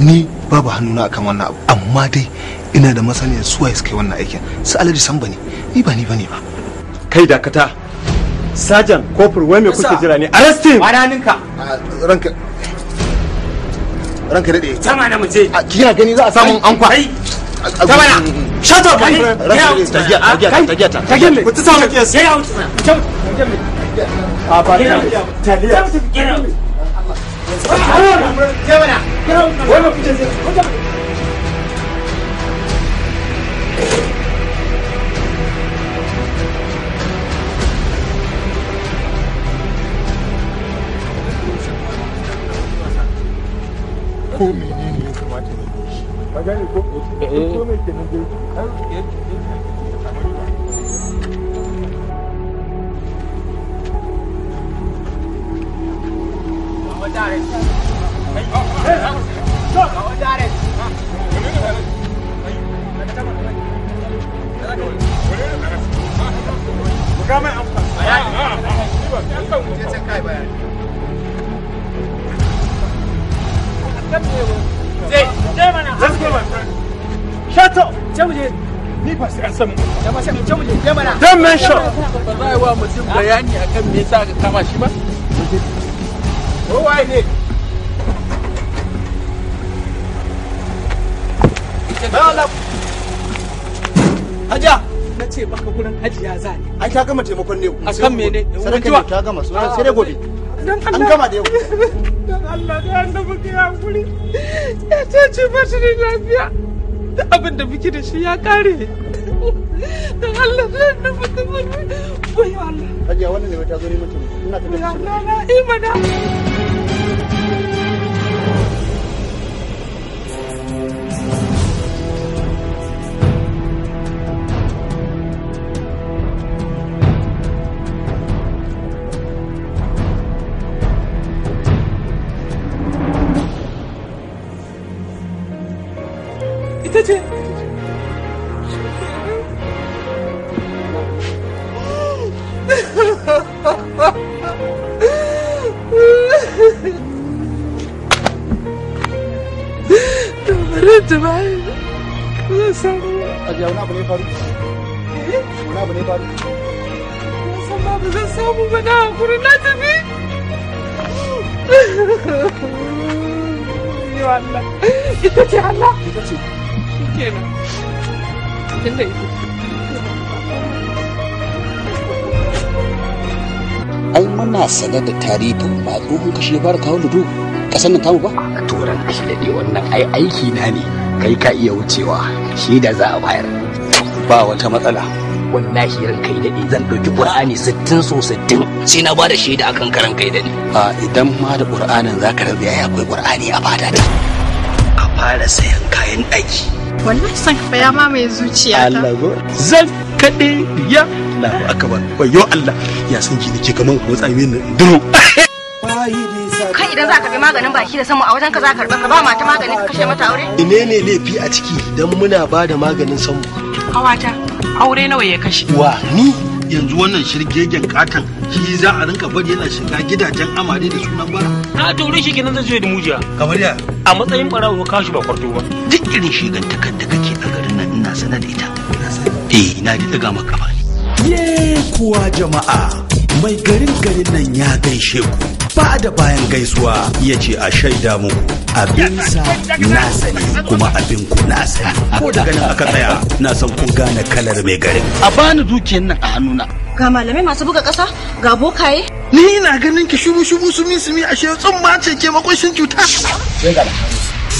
S3: ni babu hannuna akan wannan abu amma dai ina da masaniya suwaye suka yi wannan aikin su alhaji samba ne ni ba ni ba ne ba kai dakata sajan kofur wai me kuke jira ne arrest him wadaninka ranka ranka dade sama na muje kina gani za a samu an kwa sama na shut
S5: up kai ta giya ta giya ku ta samu sai ya wuce ta a ba ne giya Allah Allah
S7: ko menene
S5: ya kamata ne ka gane ko ko mai kenan da har Hey, hey, hey, hey, hey, hey, hey, hey, hey, hey, hey, ni ba sai mana ba za a yi wa mutum bayani akan me yasa aka kama shi ba ko waye ne
S4: Hajiya! Na ce baka gurin hajiya za ne. Ai ta gama taimakon ne. A kan mene? Sadaka ne ta gama sai dai gobe. An gama da yau. Allah Ya ce ce ba shi da Abin da biki da shi ya kare. dan Allah zan da mutum wai Allah hajiya wannan ne
S6: ta zo ne mutum ina ta da Allah na imana
S3: ne faru? Wani abu ne faru? San ma ba zan samu Shi muna sanar da tarihin ba tsohon kashe fara kawo ludu kasan nan tamu ba a turan kashe daɗe wannan ai aiki na ne kai ka iya wucewa shi da za a ba wata matsala wallahi ran kai daɗe zan ɗauki ƙur'ani sittin so sittin sai na ba da shaida akan karan kai daɗe a idan ma da ƙur'anin za ka rabu yaya akwai
S2: ƙur'ani a fata ta
S3: a fara sayan kayan ɗaki
S2: wallahi san ka ya ma mai zuciya
S3: ta Allah go zan kaɗe ya Allahu akbar wayo Allah ya san ki nake kaman ko tsami ni duro
S2: kai idan za ka bi maganin baki da samu a wajen ka za ka karba ka ba mata maganin ka kashe mata aure
S3: Ine ne laifi a ciki dan muna ba da maganin samu
S2: kawata aure nawa ya kashe
S3: wa ni yanzu wannan shirgegen katon shi za a rinka bari yana shiga gidajen amare da sunan bara a to shi kenan zai da mujiya kamar ya a matsayin barawo ka kashi ba kwarto ba duk irin shigan takan kake a garin nan ina sanar da ita eh ina ji daga maka ba ye kuwa jama'a mai garin garin nan ya gaishe ku ba da bayan gaisuwa ya ce a shaida muku sa na sani kuma abin ku na sani ko daga nan aka tsaya na san kun gane kalar mai garin a bani dukiyar nan a hannuna
S2: ga malamai masu buga ƙasa ga
S3: bokaye ni na ganin ki shubu shubu su mi ashe ma ce ke makoshin cuta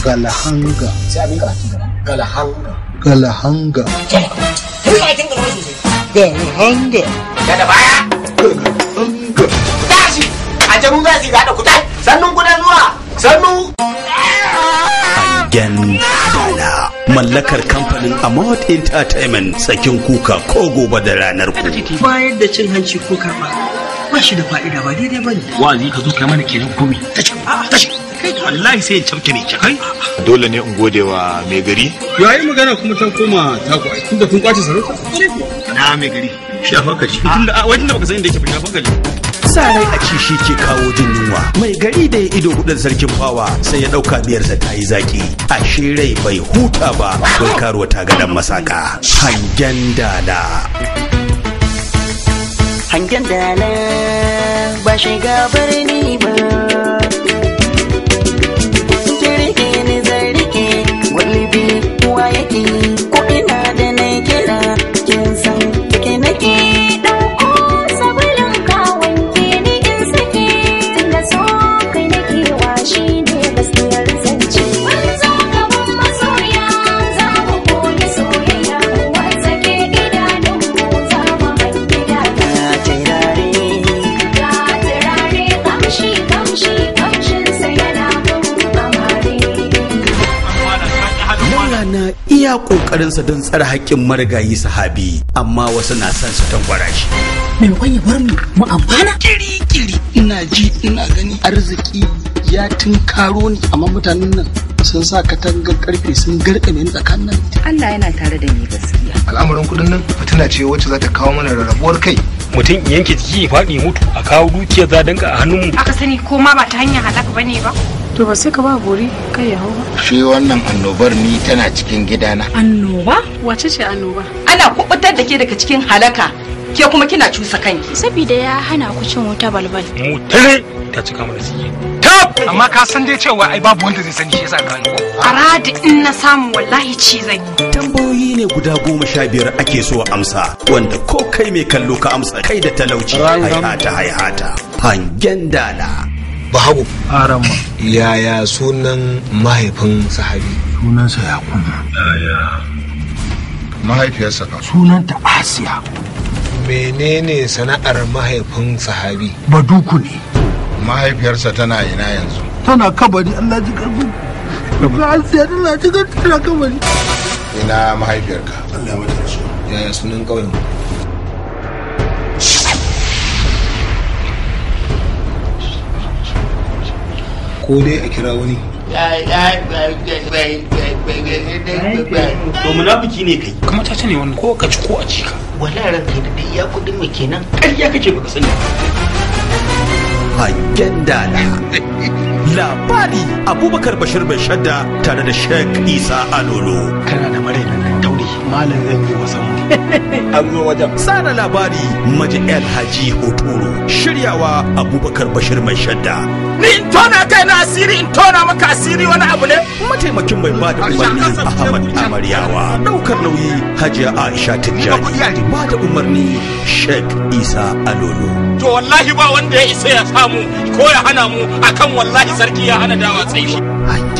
S3: galahanga sai abin karatu galahanga galahanga galahanga galahanga da baya
S5: tashi a jamu za su gada kutai sannun gudan zuwa sannu
S3: Gen Dala mallakar kamfanin Amount Entertainment tsakin kuka ko gobe da ranar ku.
S2: Bayar da cin hanci ko karɓa
S3: ba shi da fa'ida ba daidai ba ne. Wazi ka zo kai mana kenan komi. Tashi, tashi. wallahi sai in camke mai kai dole ne in gode wa mai gari yayi magana kuma ta koma ta ku
S5: tunda kun kwace sarauta na mai gari Shafan ka shi tunda wajen da baka san inda yake shafan ka
S3: sarai a ci shi ke kawo jin yunwa mai gari da ya ido hudun sarkin bawa sai ya dauka biyarsa ta yi zaki ashe rai bai huta ba wai karuwa ta gadan masaka
S2: hangen Dada. hangen dada ba shiga birni ba kirke ne zarike wani bi kuwa yake
S3: sa don tsare haƙƙin marigayi sahabi amma wasu na son su tangwara shi
S4: maimakon ya bar mu mu amfana
S2: kiri-kiri
S3: ina ji ina gani arziki ya tunkaro ni amma mutanen nan sun sa katangar karfe sun garkame ni tsakanin nan
S2: Allah yana tare da ni gaskiya
S3: al'amarin kudin nan tana ce wacce za ta kawo mana rarrabuwar kai mutum yanke jiki ya faɗi mutu a kawo dukiyar za danka a hannunmu
S2: aka sani ko ma ba ta hanyar halaka bane ba to ba sai ka ba bori kai ya ba?
S3: shi wannan annobar ni tana cikin gidana
S2: annoba wace ce annoba ana kubutar da ke daga cikin halaka ke kuma kina cusa kanki saboda ya hana ku cin wuta balbal mu
S3: ta cika mana siye tab amma ka san dai cewa ai babu wanda zai sani shi yasa ka
S2: ko da in na samu wallahi ci zan tambayoyi ne guda goma
S3: sha biyar ake so amsa wanda ko kai mai kallo ka amsa kai da talauci hayata. haihata hangen dala bahabu arama yaya sunan mahaifin sahabi sunansa ya kuma yaya mahaifiyarsa ka sunanta asiya menene sana'ar mahaifin sahabi baduku ne mahaifiyarsa tana ina yanzu tana kabari allah ji karfi
S5: asiya tana cikin tana kabari
S3: ina mahaifiyarka allah ya yaya sunan ƙauyen ko dai a kira wani to munafiki ne kai kuma ta ce ne wannan ko ka ci ko a cika wallahi ran kai da dai ya kudin mu kenan ƙarya kake baka sani Hagen Dala Labari Abubakar Bashir Bai Shadda tare da Sheikh Isa Alolo. Kana da marainin tauri malam zai yi wasan an zo wajen tsara labari maji alhaji hotoro shiryawa abubakar bashir mai shadda ni in tona kai na asiri in tona maka asiri wani abu ne mataimakin mai bada umarni ahmad amaryawa daukar nauyi hajiya aisha tijjani bada umarni sheikh isa alolo
S5: to wallahi ba wanda ya isa ya samu ko ya hana mu akan wallahi sarki ya hana dawa sai
S7: shi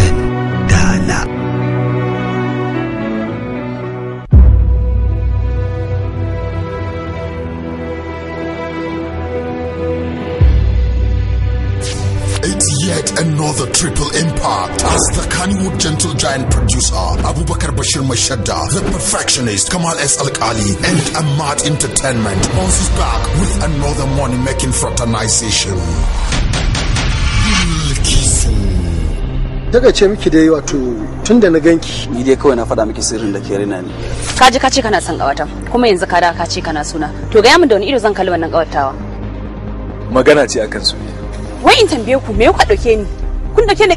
S3: yet another triple impact as the Kannywood Gentle Giant producer Abubakar Bashir Mashadda, the perfectionist Kamal S. Al-Kali, and Ahmad Entertainment bounces back with another money-making fraternization. daga ce miki dai wato tun da na ganki ni dai kawai na faɗa miki sirrin da ke rina ni
S2: ka ji ka ce kana son ƙawata kuma yanzu ka da ka ce kana suna to ga yamin da wani ido zan kalli wannan ƙawatawa
S7: magana ce akan soyayya
S2: wai in tambaye ku me kuka dauke ni kun dauke ni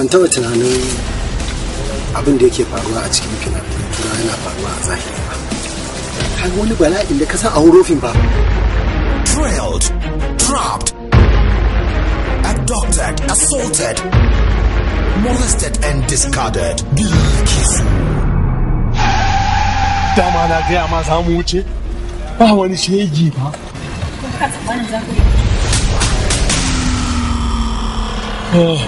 S3: ban taba tunanin abin da yake faruwa a cikin fina tura yana faruwa a zahiri ba wani bala'in da ka san a hurufin ba trailed trapped abducted assaulted molested and discarded kisu. dama na gaya ma za mu wuce
S5: ba wani shegi ba
S2: Oh.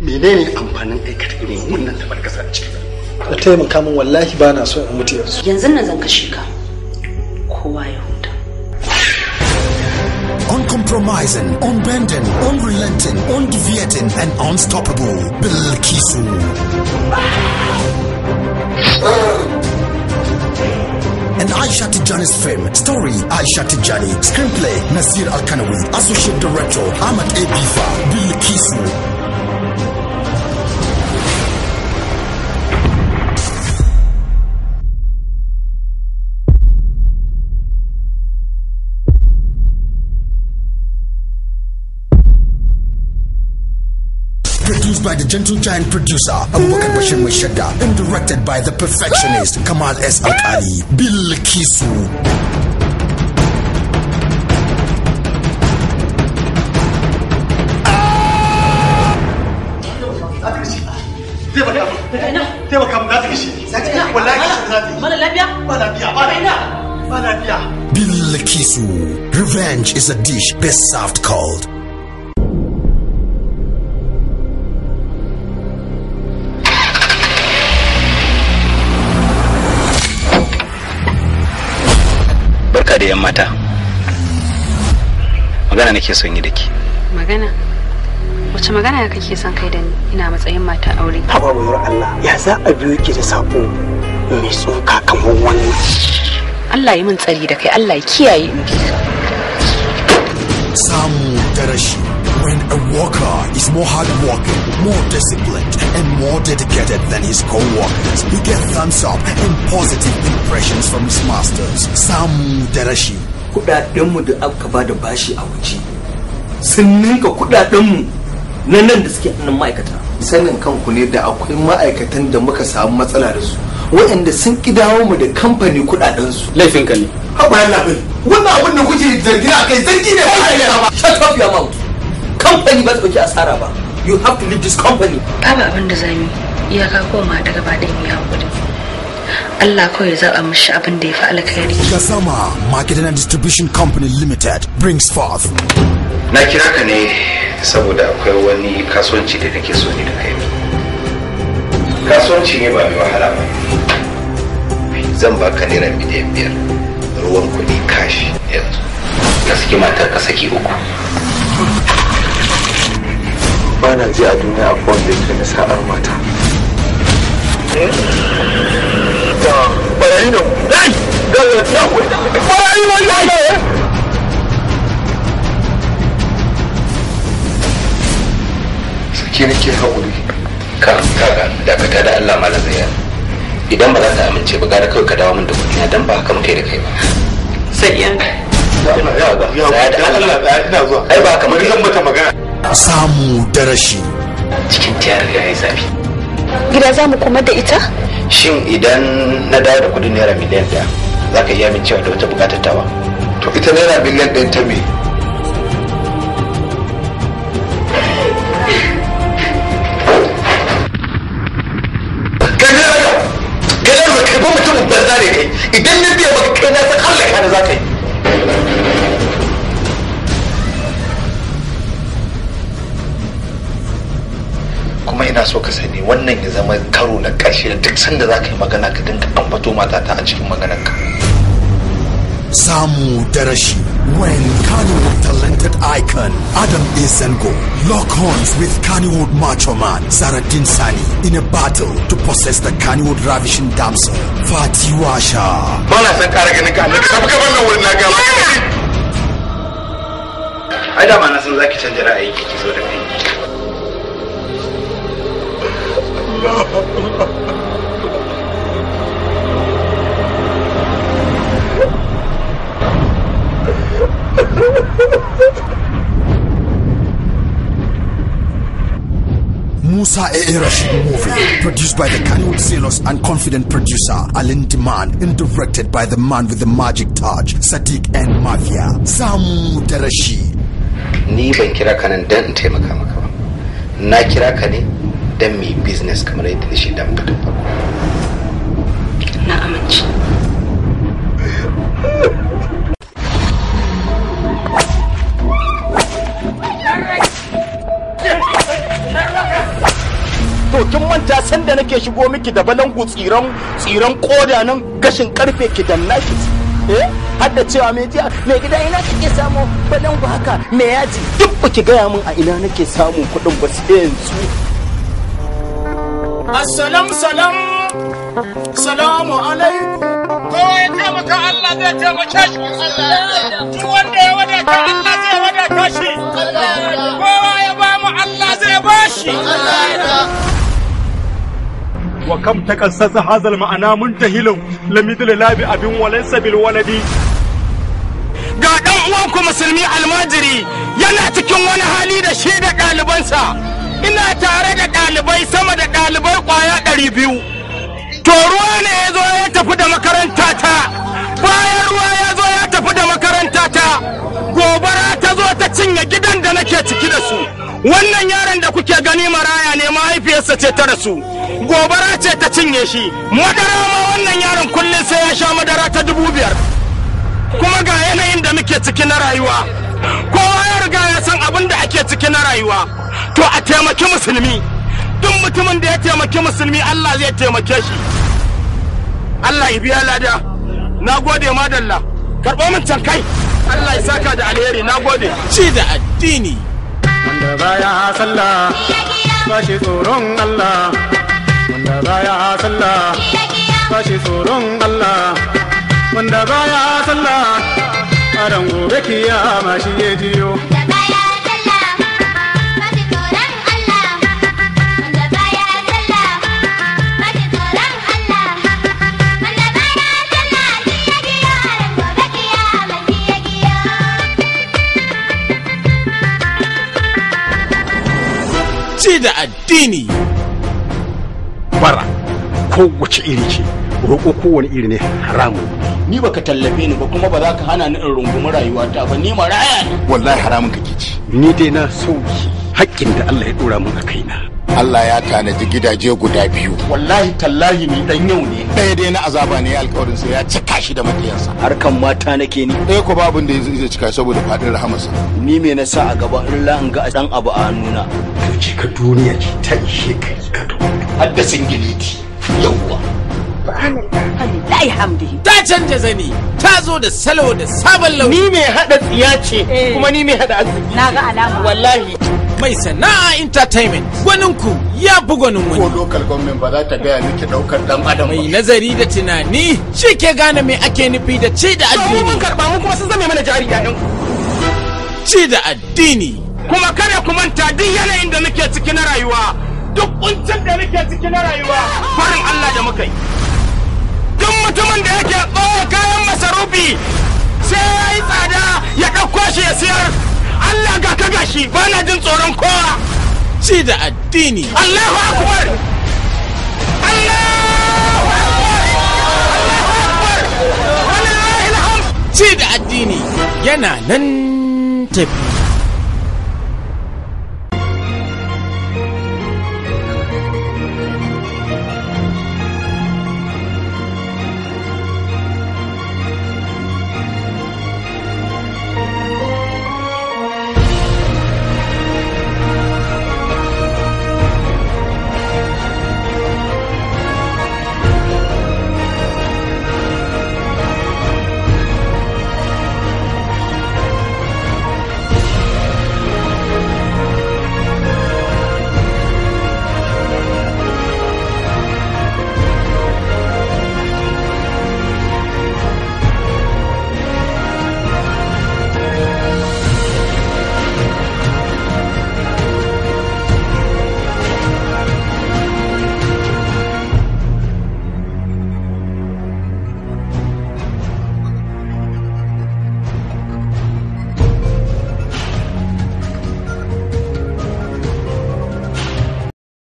S3: Menene amfanin aikata irin wannan tabar kasa a cikin Ka taimaka min wallahi ba na so in mutu yanzu. Yanzu nan zan kashe ka. Kowa ya huta. Uncompromising, unbending, unrelenting, undeviating and unstoppable. Bilkisu. Ah! and Aisha Tijani's fame. Story Aisha Tijani. Screenplay Nasir Al Kanawi. Associate Director Ahmad Abifa.
S7: Bill Kisu.
S3: by the gentle giant producer Abubakar Bashir Mashada and directed by the perfectionist Kamal S. Alkali, Bill Kisu.
S7: Ah!
S3: Bill Kisu. Revenge is a dish best served cold. da 'yan mata magana nake son yi da ke
S2: magana wace magana ya kake son kai da ni ina matsayin mata aure haba
S6: bayar
S3: Allah ya za a biyo ki da sako mai tsoka kamar wannan
S2: Allah yi min tsari da kai Allah ya kiyaye
S3: samu da rashi And a worker is more hardworking, more disciplined, and more dedicated than his co-workers. He gets thumbs up and positive impressions from his masters. Sam Derashi. Kuɗaɗenmu da aka ba da bashi a waje sun ninka kuɗaɗenmu na nan da suke nan ma'aikata. Sanin kanku ne da akwai ma'aikatan da muka samu matsala da su. waɗanda sun ƙi dawo mu da kamfani kuɗaɗensu. Laifin ne. Haɓa yana bai Wannan abin da kuke zargi a kai zargi ne ba a yi ba. Shut up your mouth. company ba ta dauki asara ba you have to leave this company
S2: kama abin da ya iyaka koma daga ba da mu hakuri Allah ko ya zaba mishi abin da ya fi alkhairi. Gasama Marketing
S3: and Distribution Company Limited brings forth. Na kira ka ne saboda akwai wani kasuwanci da nake so ne da kai. Kasuwanci ne ba mai wahala ba. Zan ba ka naira miliyan biyar ruwan kuɗi kashi yanzu. Ka saki matar ka saki uku. ba na ji a duniya a kowane da na sa'ar mata Suke nake haƙuri. dakata da Allah idan ba za ta amince ba gara ka dawo da kuɗi na dan ba da kai ba sai yan ya da ya ya ya samu darashi cikin tiyar da ya zafi
S2: gida za mu kuma da ita
S3: shin idan na dawo da kudin naira miliyan daya za ka iya min cewa da wata bukatar tawa to ita naira miliyan ɗaya ta me
S7: idan na biya maka kai na san Allah kana za ka yi
S3: kuma ina so ka sani wannan ya zama karo na ƙarshe da duk sanda za ka yi magana ka dinga ambato ta a cikin maganar ka. samu darashi when Kannywood talented icon Adam Isengo lock horns with Kannywood macho man Saradin Sani in a battle to possess the Kannywood ravishing damsel Fati Washa. Bana san ƙara ganin ka ne sabu ka wannan wurin na ga maka. Ai da ma na san zaki canja ra'ayi ki zo da kai. Musa A. Rashid movie, produced by the Kanyewood zealous and confident producer Alin Diman, and directed by the man with the magic touch, Sadiq and Mafia, Samu Tereshi. Ni ban kira ka dan taimaka maka ba. Na kira ka ne don mai business kamar yadda da shi dan fito na amince to kin manta sanda nake shigo miki da balangu tsiran tsiran koda nan gashin karfe ki danna ki eh har da cewa me jiya me gida ina kike samu balangu haka me yaji duk ku ki gaya min a ina nake samu kudin ba su yanzu
S5: assalam salam salamu alaikum kowa ya taimaka Allah zai taimaka shi duk wanda ya wadata Allah zai wadata shi kowa ya ba
S3: mu Allah zai ba shi wa kam takassasa hazal ma'ana muntahilun lamidul labi abin walaysa bil waladi
S5: ga dan uwanku musulmi almajiri
S3: yana cikin wani hali da shi da ɗalibansa ina tare da ɗalibai sama da ɗalibai kwaya ɗari biyu to ruwa ne ya zo ya tafi da makaranta ta bayan ruwa ya zo ya tafi da makaranta ta gobara ta zo ta cinye gidan da nake ciki da su wannan yaron da kuke gani maraya ne mahaifiyarsa ce ta rasu gobara ce ta cinye shi madara ma wannan yaron kullum sai ya sha madara ta dubu biyar kuma ga yanayin da muke ciki na rayuwa kowa ya riga ya san abin da ake ciki na rayuwa to a taimaki musulmi duk mutumin da ya taimaki musulmi Allah zai taimake shi Allah ya biya lada na gode madalla karɓo min can
S5: kai Allah ya saka da alheri na gode ci da addini wanda baya sallah ba shi tsoron Allah wanda baya sallah ba shi tsoron Allah wanda baya sallah a gobe kiyama shi ya jiyo
S3: mutunci da addini bara ko wace iri ce roƙo wani iri ne haramu ni baka tallafe ni ba kuma ba za ka hana ni in rungumi rayuwata ba ni maraya ne wallahi haramun kake ci ni dai na sauki haƙƙin da Allah ya dora mun a kaina Allah ya tanadi gidaje guda biyu wallahi tallahi ni dan yau ne ɗaya dai na azaba ne alƙawarin sa ya cika shi da matiyansa. harkan mata nake ni ɗaya ko babu da zai cika saboda faɗin rahamarsa ni me na sa a gaba in la ga ɗan abu a nuna to ka duniya ce ta ishe kai ka to haddasin giliti yawwa Alhamdulillahi hamdihi. Ta canja zani, ta zo da salo da sabon launi. Ni mai haɗa tsiya ce, eh. kuma ni mai haɗa arziki. Na ga alama. Wallahi. mai sana'a entertainment gwaninku ya fi gwanin wani. Ko local government ba za ta gaya miki ɗaukar ɗan adam Mai nazari da tunani shi ke gane me ake nufi da ci da addini. Mun karɓa mu kuma sun zame mana jari Ci da addini. Kuma kare ku manta duk
S5: yanayin da muke ciki na rayuwa duk kuncin da muke ciki na rayuwa farin Allah da muka yi. Duk mutumin da yake ɓoye kayan masarufi sai ya yi tsada ya ɗauko shi ya siyar Allah ga ka gashi ba na jin tsoron kowa ci da addini Allahu akbar Allahu akbar Allahu akbar ci da
S3: addini yana nan tafi